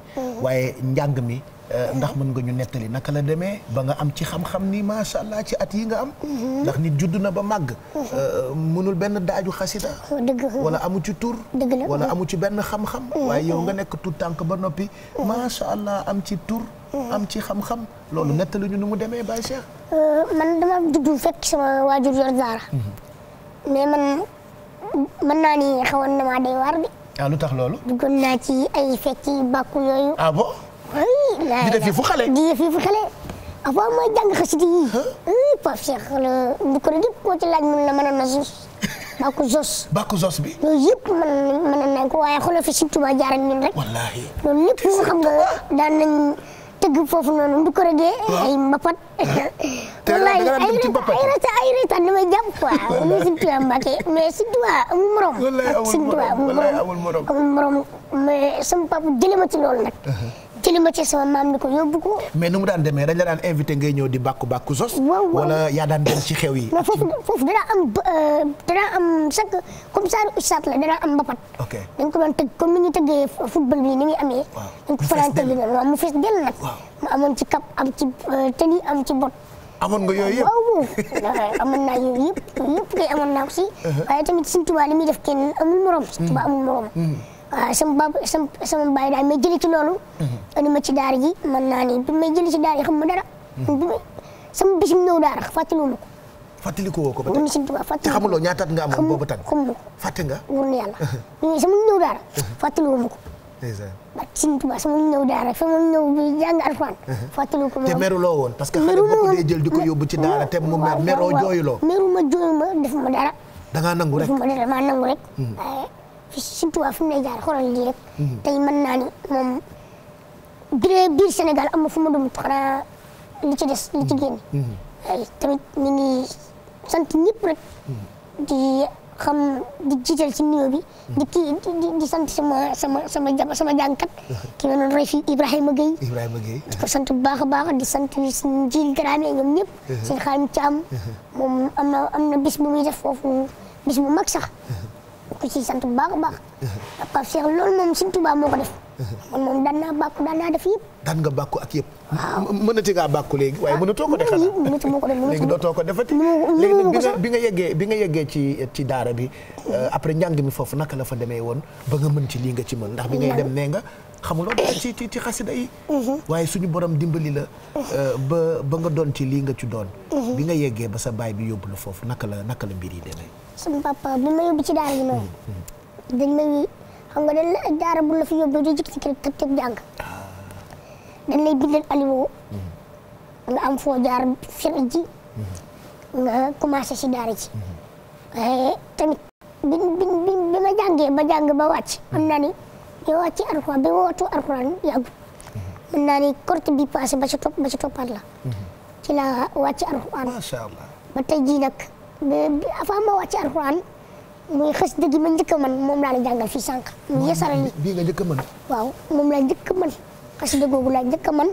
waaye njàng mi. Eh, ndax mën nga ñu nettali naka la demee ba nga am ci xam-xam ni macha allah ci at yi nga am. Mhm. ndax nit judd na ba màgg. Mhm. Eh, mënul benn daaju xasida oh, wala amu ci tur. wala amu ci benn xam-xam. Mhm. waaye yow nga nekk tout tànk ba noppi. macha allah am ci tur. am ci xam loolu nettali ñu nu mu demee Baye Cheikh. Eh, man dama juddu fekk sama waajur yor daara. mais man mën naa ni xawoon na maa day waar de. Ah, lu tax loolu. duggoon naa ci ay fekki bàkku yooyu. ah di def yëfu xale. di def yëfu xale avant mooy jàng xasida yi. Pape Cheikh la bu ko lépp koo ci laaj mun na mën a na sos. Bakku Zos. Bakku Zos bi. yooyu yëpp mën mën na nañ ko waaye xoolal fi Sëñ Tuubaa jaar ak ñun rek. wallaahi loolu lépp nga xam nga daan nañ tëgg foofu noonu bu ko rëggee. ay mbapat. wallaahi ay reta ay reta ni may jàpp quoi. wallaahi Sëñ Tuubaa Mbàkke mais Sëñ Tuubaa amul morom. wallaahi amul morom amul morom mais sama papa jëlee ma ci loolu nag. Uh-huh. ci li ma ci sama maam ni ko yóbbu ko. mais nu mu daan demee dañ la daan invité ngay ñëw di bàkku bàkku sos. wala yaa daan dem ci xew yi. foofu foofu danaa am euh, danaa am chaque comme ça ustaat la danaa am mbapat. ok dañ ko doon tëgg comme ni ñu tëggee football bi ni muy amee. dañ ko fa daan tëgg mu fees dell nag. mu amoon ci cap am ci euh, tenue am ci bot. amoon nga yooyu yëpp waaw amoon naa yooyu yëpp yëpp kay amoon naa ko si. Uh-huh. waaye tamit Sëñ Tuubaa li def kenn amul morom. Sëñ Tuubaa amul morom. Mm-hmm. Ah, sama sama sama baay daal may jëli ci loolu. indi mhm. ma ci daara ji man naa ni bi may jëli ci daara ji xam ma dara. Mhm. sama bisim ñëw daara fàttaliwu ma ko. fàttaliku woo ko ba tey te xamuloo ñaataat nga amoon boobu tan fàtte nga wóor na yàlla mhm. sama ñëw daara fàttaliwu ma ko. ba Sëriñ Tuubaa sama ñëw daara sama ñëw bi jàng alfaan fàttaliwu ko woon parce que xale boo dee jël di ko yóbbu ci daara te mu mer meroo jooyuloo meru ma jooyu ma def dara da nangu rek fi Sëriñ Tuubaa fu mu lay jaar xoolal lii rek. tey mën naa ni moom biir biir Sénégal am na fu mu dem xanaa li ci des li ci génn. ay tamit ñu sant ñëpp rek. di xam di jiital ci nuyoo bi. di kii di di sant sama sama sama jàpp sama jàngkat. ki ma doon roy fii Ibrahima Gueye. Ibrahima Gueye sant bu baax a baax di sant suñu jiil garaamee ñoom ñëpp. seen xaalis am. moom am na am na bis bu muy def foofu bis bu mag sax. ku ci sant bu baax a baax. Pape Cheikh loolu moom Sëriñ Tuubaa moo ko def. man moom daan naa bàkku daan naa def yëpp. daan nga bàkku ak yëpp. waaw mënati ngaa bàkku léegi waaye mënatoo ko de ma ko de léegi dootoo ko defati. léegi bi nga bi nga yeggee bi nga yeggee ci ci daara bi. Euh, après njàng mi foofu naka la fa demee woon ba nga mën ci lii nga ci mën ndax bi ngay dem nee nga. xamuloo dara ci ci ci xasida yi. Mm-hmm. waaye suñu borom dimbali la. Euh, ba ba nga doon ci lii nga ci doon. Mm-hmm. bi nga yeggee ba sa baay bi yóbbu la foofu naka la naka la mbir yi demee. sama papa bi ma yóbbu ci daara ji moom dañ ma xam nga dañ la daara bu la fi yóbbu di jik si kër tëb tëb jàng aliwo nga am foo jaar fer ji nga commencé si ji waaye tamit bi bi bi ma jàngee ba jàng ba wàcc am naa ni bi ma wàcc alxuraan bi ma wàccu alxuraan yàggut mën naa ni korte bi passé ba ci topp cila ci toppaat la ba tey jii nag avant ma wàcc alxuraan muy xasida gi ma njëkk man mën moom laa la jàngal fii sànq. muy yasara yi bii nga njëkk a mën. waaw moom laa njëkk a mën xasida googu laa njëkk a mën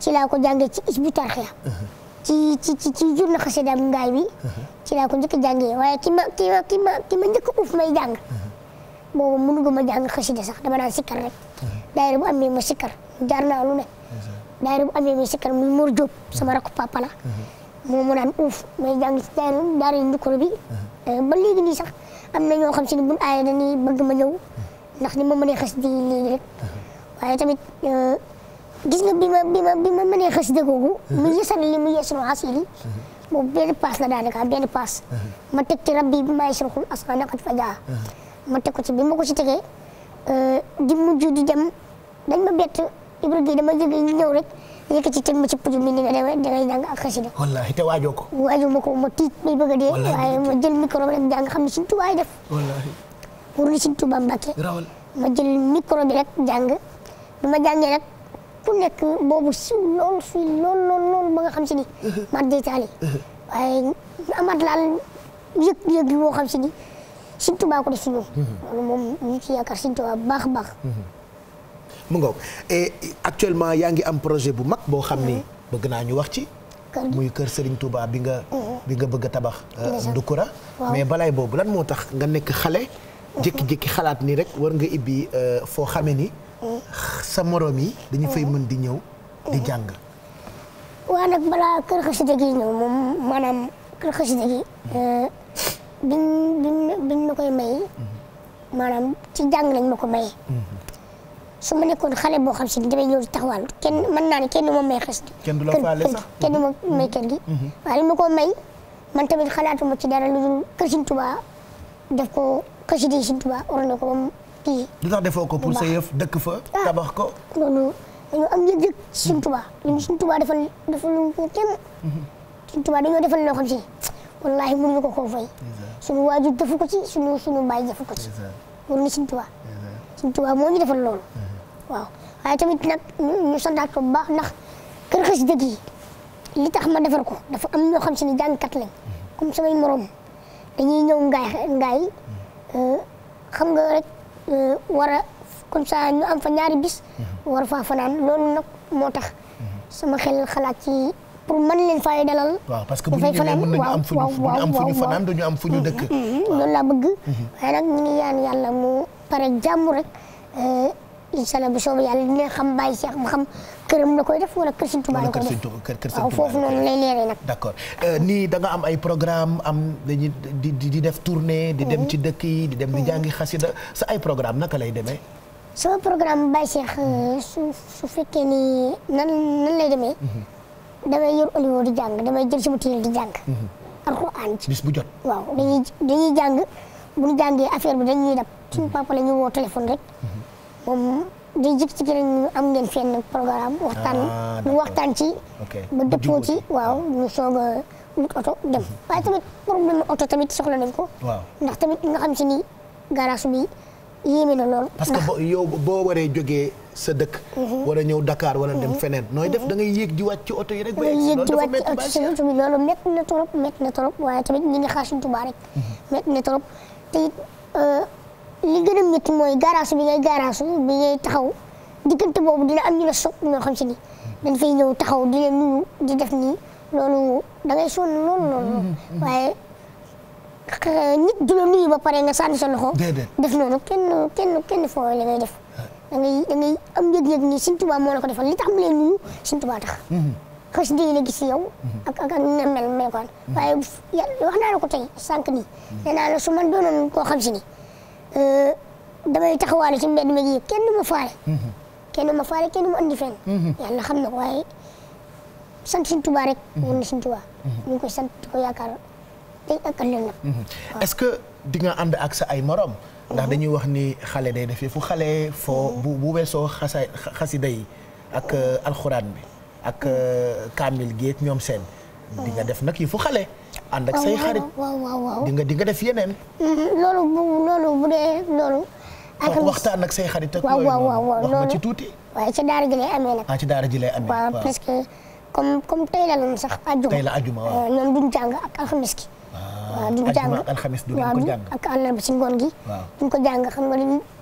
ci laa ko jàngee ci isbu tarxiya uh-huh. ci ci ci ci jur na xasida ngaay bi. Uh-huh. ci laa ko njëkk a jàngee waaye ki ma ki ma ki ma ki ma njëkk uuf may jàng. Uh-huh. boobu mënu nga ma jàng xasida sax dama daan sikkar rek. daayira bu amee ma sikkar jaar naa lu ne. daayira bu amee ma sikkar muy Mor Diop sama rakku papa moom mu daan uuf may jàng si daara Ndukuru bi eh, ba léegi nii sax am na ñoo xam si ne buñ aayee dañuy bëgg ma ñëw ndax ni ma mënee xas di léegi rek waaye tamit eh, gis nga bi ma bi ma bi ma mënee xas di googu mu yësal li mu yësal asili boobu benn paas la daanaka benn paas ma teg ci rabbi bi maay surxul asqa naqat fa jaa ma teg ko ci bi ma ko ci tegee eh, di mujj di dem dañ ma bett Ibrahima dama jóge ñëw rek yëkkati teg ma ci puju mi ni nga demee da ngay jàng ak xasida wallaahi te waajoo ko waajoo ma ko ma tiit bay bëgg a dee waaye ma jël micro bi rek jàng def wallaahi pour ma jël micro bi rek jàng bi ma jàngee rek ku nekk boobu siw lool fii lool lool lool ba nga xam si ni mat détaillé waaye amat laal yëg yëg boo xam si ni Sëriñ Tuubaa ko uh-huh. moom ñu ci yaakaar Sëriñ Tuubaa ah, baax baax uh-huh. mu ngoog et actuellement yaa ngi am projet bu mag boo xam ni mm-hmm. bëgg naa ñu wax ci muy kër sëriñ Touba bi nga mm-hmm. bi nga bëgg a tabax euh, Ndoukoura mais balaay boobu lan moo tax nga nekk xale mm-hmm. jékki-jékki xalaat ni rek war nga ibbi euh, foo xame ni sa moroom yi dañu fay mën di ñëw di jàng waaw nag balaa kër xasida gi ñëw moom maanaam kër xasida gi euh, biñ biñ ma koy may maanaam ci jàng lañ ma ko may su ma nekkoon xale boo xam si ne damay ñëw di taxawal kenn mën naa ne kenn du ma may xas. kenn du la faale sax kenn du ma mm-hmm. may kër gi. Mm-hmm. waaye li ma may man tamit xalaatuma ci dara lu dul kër def ko xasida yi Sëriñ na ko ba kii. lu tax defoo ko pour sa yëf dëkk fa. Ah, tabax ko loolu dañoo am yëg-yëg Sëriñ Tuubaa ñun mm-hmm. Sëriñ Tuubaa defal defal lu ko kenn. Sëriñ Tuubaa dañoo defal loo xam si wallaahi mënuñu ko koo fay. suñu waajur defu ko ci suñu suñu baay defu ko ci. loolu la Sëriñ Tuubaa. Sëriñ moo ñu defal loolu. waaw waaye tamit nag ñu santaat ko bu baax kër xasida gi li tax ma defar ko dafa am ñoo xam si ne jàngkat lañ comme samay morom dañuy ñëw ngaay ngaay euh, xam nga rek euh, war a sa ñu am fa ñaari bis war faa fanaan loolu nag moo tax sama xel xalaat ci pour mën leen fay dalal. parce que bu ñu ñëwee mën nañu am fu ñu fanaan ñu dëkk. Mm-hmm. loolu laa bëgg. Mm-hmm. waaye nag ñu ngi yaan yàlla mu pare jàmm rek. Euh, incha allah bu soobee yàlla dinañ xam Baye Cheikh mu xam këram la koy def wala kër Sëriñ Tuubaa la koy def waaw foofu noonu lay leeree nag d'accord euh, nii da nga am ay dañuy di di def tournée di dem mhm. ci dëkk yi di dem di mhm. jàngi xasida sa ay programme naka lay demee sama programme Baye mhm. euh, su su fekkee ni nan nan lay demee damay yor oliwo di jàng damay jël sama téere di jàng alxuraan bis bu jot waaw dañuy dañuy jàng bu jàngee affaire bi dañuy dab suñu papa la ñu woo téléphone rek moom di jig ci keneen am ngeen fenn programme. waxtaan ah, ñu waxtaan ci. ba dëppoo ci waaw ñu soog a wut oto dem. Mhm. waaye tamit problème oto tamit soxla ne ko. ndax tamit nga xam si ni garage bi yéeme na lool. parce que boo yow boo waree jógee sa dëkk. Mhm. war a ñëw Dakar wala dem mhm. feneen. nooy def da ngay yéeg di wàcc ci oto yi rek. ba yéeg di wàcc ci oto bi loolu métti na trop métti na trop waaye tamit ñu ngi xaasuñ Tuubaa rek. métti na trop te it. Euh, li gën a métti mooy garage bi ngay garage bi ngay taxaw diggante boobu dina am ñu la sopp ñoo xam si ni dañ fay ñëw taxaw di leen nuyu di def nii loolu da ngay sonn loolu loolu mm-hmm. waaye nit du la nuyu ba pare nga sànni sa loxo def noonu kenn kenn kenn foo la ngay def ah. da ngay da ngay am yëg-yëg ni Sëñ Tuubaa moo la ko defal li tax mu leen nuyu Sëñ Tuubaa tax mm-hmm. xës dégg la gis yow mm-hmm. ak ak ak na mel melokaan waaye wax naa la ko tey sànq nii nee naa la su man doonoon koo xam si damay taxawaalu ci mbedd mi kenn du ma faale. Mhm. kenn ma faale kenn du ma andi fenn. Mhm. yàlla xam na ko waaye sant Sëñ Tuubaa rek. ñun na Sëñ koy sant ko yaakaar dañ ak mhm. est-ce que di nga ak ay morom. ndax dañuy wax ni xale day defee fu xale foo bu bu weesoo xasa xasida yi ak alxuraan bi ak kaamil gi ak ñoom seen. di def nag yi fu xale. ànd ak say xarit di nga di nga def yeneen. Mm-hmm. loolu bu loolu bu dee loolu. ak waxtaan ak say xarit ak. waaw waaw waaw wax ma ci tuuti. waaw ci daara ji lay amee nag. ah ci daara ji lay amee waaw parce que comme comme tey la loon sax. ajjuma tey la ajjuma waaw euh, ñoom duñ jàng ak alxames gi. Ah, waaw duñ jàng ak alxames du ko jàng ak àllarba si ngoon gi. waaw duñ ko jàng xam nga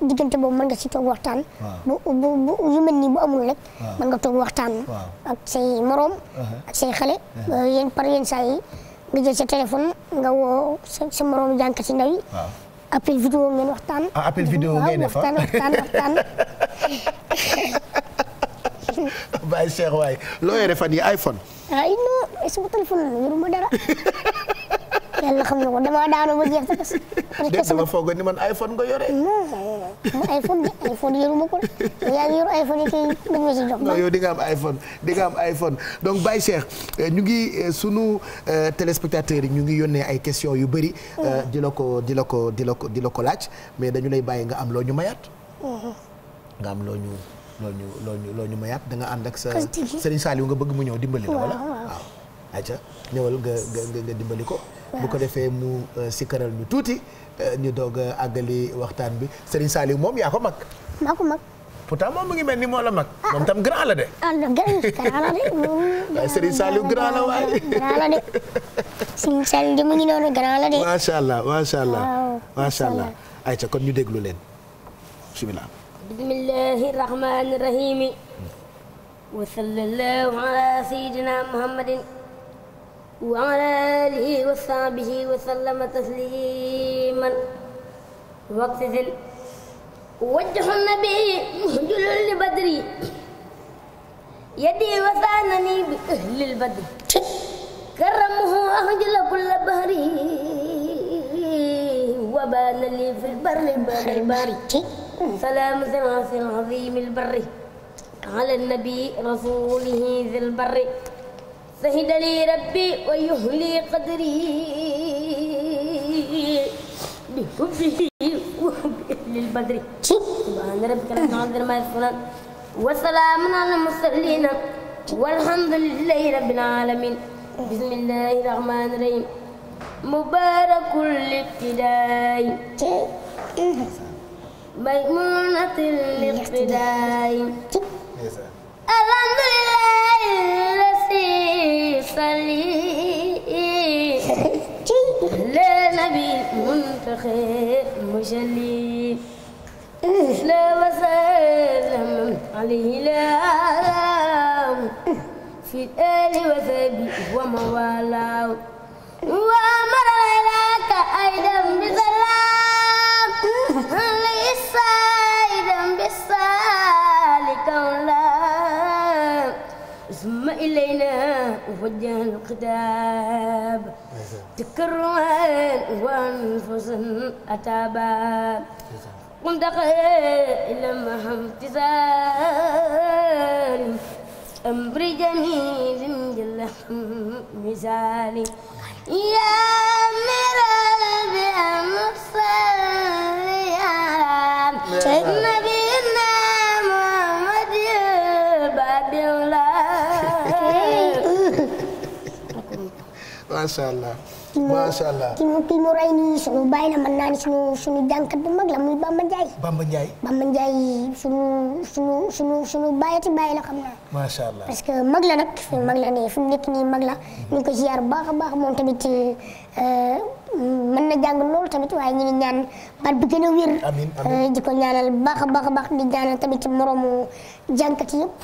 diggante boobu mën nga si toog waxtaan. bu bu bu yu mel nii bu amul rek. mën nga toog waxtaan. ak say moroom. Uh-huh. ak say xale. Uh-huh. yéen par yenn saa yi. nga jël sa téléphone nga woo sa sa moromu jànk si ndaw ngeen waxtaan. ah appel ngeen def ah. waxtaan waxtaan waxtaan. Baye Cheikh waay loo fan yi iPhone. ah non sama téléphone la yoruma dara. xam na ko dama daanu ba jeex tas. dégg nga foog ni man iPhone nga yore. non iPhone de iPhone yoruma ko de yaa ngi yor iPhone yi kay yow di nga am iPhone di nga am iPhone donc Baye Cheikh euh, ñu ngi euh, sunu euh, téléspectateurs yi ñu ngi yónnee ay questions yu bëri. Mm. di ko di la ko di la ko di la ko laaj mais dañu lay bàyyi nga am loo ñu mayaat. Mm-hmm. nga loo ñu ñu loo loo ñu mayaat da nga ànd ak sa. Serigne Saliou bëgg mu ñëw dimbali la wala waaw. ayca ñëwal nga nga nga dimbali ko. bu ko defee mu euh, sikkaral ñu tuuti euh, ñu doog a àggali waxtaan bi Serigne Saliou moom yaa ko mag. maa ko mag. pourtant moom mu ngi mel ni moo la mag. Ah. moom tam grand la de. ah non grand la de moom. waaw Serigne Saliou grand la waaye. grand la de Serigne Saliou de mu ngi noonu grand de. macha allah macha allah macha allah. ayca kon ñu déglu leen bisimilah. bismillahi rahmaani rahim. wa sallallahu ala sayyidina muhammadin. وعلى آله وصحبه وسلم تسليما واقتسل وجه النبي مهجل لبدري يدي وثانني بأهل البدر كرمه أهجل كل بهري وبان لي في البر بار باري سلام عاصم عظيم البر على النبي رسوله ذي البر زهد لي ربي ويهلي قدري بحبه وحب أهل البدر سبحان ربك رب العزة ما يصفون وسلام على المرسلين والحمد لله رب العالمين بسم الله الرحمن الرحيم مبارك الابتداء ميمونة الاقتداء الحمد لله المرسلين لا نبي منتخب مجلي لا وسلم عليه الآلام في الآل وثبي وموالاه وأمر لك أيضا بذلك إلينا ووجه الكتاب تكرما وأنفسا أتابا قم إلى محمد تزال أمر جميل جل مثالي يا مرال بأمر صلي على النبي macha allah macha allah. ki ñu ki ñu rey nii suñu bàyyi la mën naa ni suñu suñu jànkat bu la muy Bamba Ndiaye. Bamba Ndiaye. Bamba jaay suñu suñu suñu suñu bàyyati bàyyi la xam naa. macha allah parce que mag la nag suñu mag la nii fi mu nekk nii mag la. ñu ngi ko ziar baax a baax moom tamit mën na jàng loolu tamit waaye ñu ngi ñaan baat bi gën a wér. amiin amiin di ko ñaanal a baax a baax di ñaanal tamit moromu jànkat yëpp.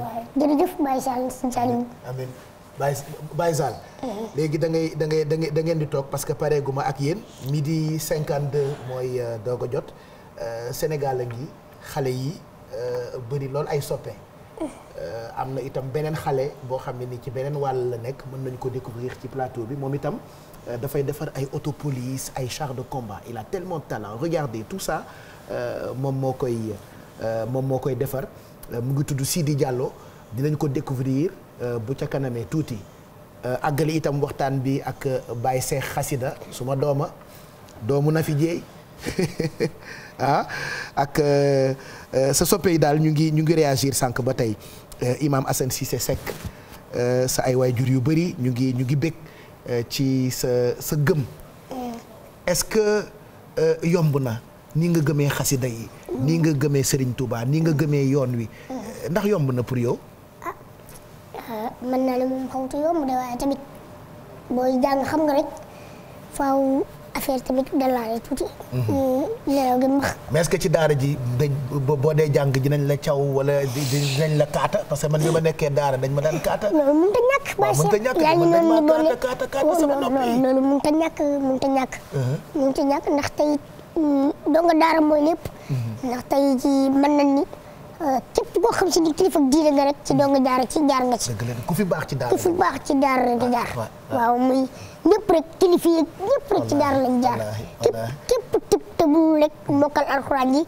waaw jërëjëf Baye Sall si Saliou. Baye Baye mm-hmm. léegi da ngay da ngay da da ngeen di toog parce que pareeguma ak yéen midi 52 mooy euh, doog a jot euh, Sénégal a ngi xale yi euh, bëri lool ay soppe mm-hmm. am na itam beneen xale boo xam ne ni ci beneen wàll la nekk mën nañu ko découvrir ci plateau bi moom itam dafay defar ay auto police ay chars de combat il a tellement de talent regardez tout sax moom moo koy moom moo koy defar mu ngi tudd di jàlloo dinañ ko découvrir Euh, bu ca kanamee tuuti euh, àggali itam waxtaan bi ak euh, Baye Seex Xasida suma dooma doomu na fi jeey ah ak sa soppe yi daal ñu ngi ñu ngi réagir sànq ba tey Imam Assane Cissé Seck sa ay jur yu bëri ñu ngi ñu ngi bég ci sa sa gëm est-ce que yomb na ni nga gëmee xasida yi ni nga gëmee Serigne Touba ni nga gëmee yoon wi ndax yomb na pour yow mën na la moom xawtu yomb da waaye tamit booy jàng xam nga rek faw affaire tamit dalaale tuuti. Mhm. nelaw gi max. que ci daara ji dañ boo dee jàng nañ la caw wala dinañ la kaata parce que man bi ma nekkee daara dañ ma daan kaata. loolu mënut a ñàkk. waaw mënut a ñàkk a oh, ñàkk a ñàkk. Uh-huh. mënut a ndax tey mm, doo nga daara mooy lépp. Mm-hmm. ndax tey ji mën na ni. Eh, képp koo xam si ni kilifa diine nga rek ci dong daara ci jaar nga ci. dëgg la ku fi baax ci daara ku fi baax ci daara rek jaar. waaw muy ñëpp rek kilifa yi ñëpp rek ci daara lañ jaar. képp képp tëb tëbul rek mokkal alxuraan yi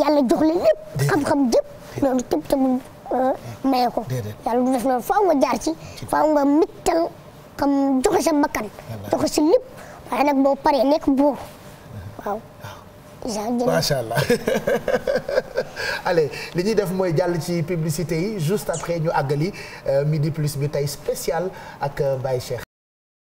yàlla jox la lépp xam-xam jëpp loolu tëb tëbul eh, maye ko. yàlla du def loolu faaw nga jaar ci faaw nga mittal xam joxe sa bakkan joxe si lépp waaye nag boo paree nekk buur waaw. macha allah allez li ñuy def mooy jàll ci publicité yi juste après ñu àggali euh, midi plus bi tey spécial ak euh, Baye Cheikh.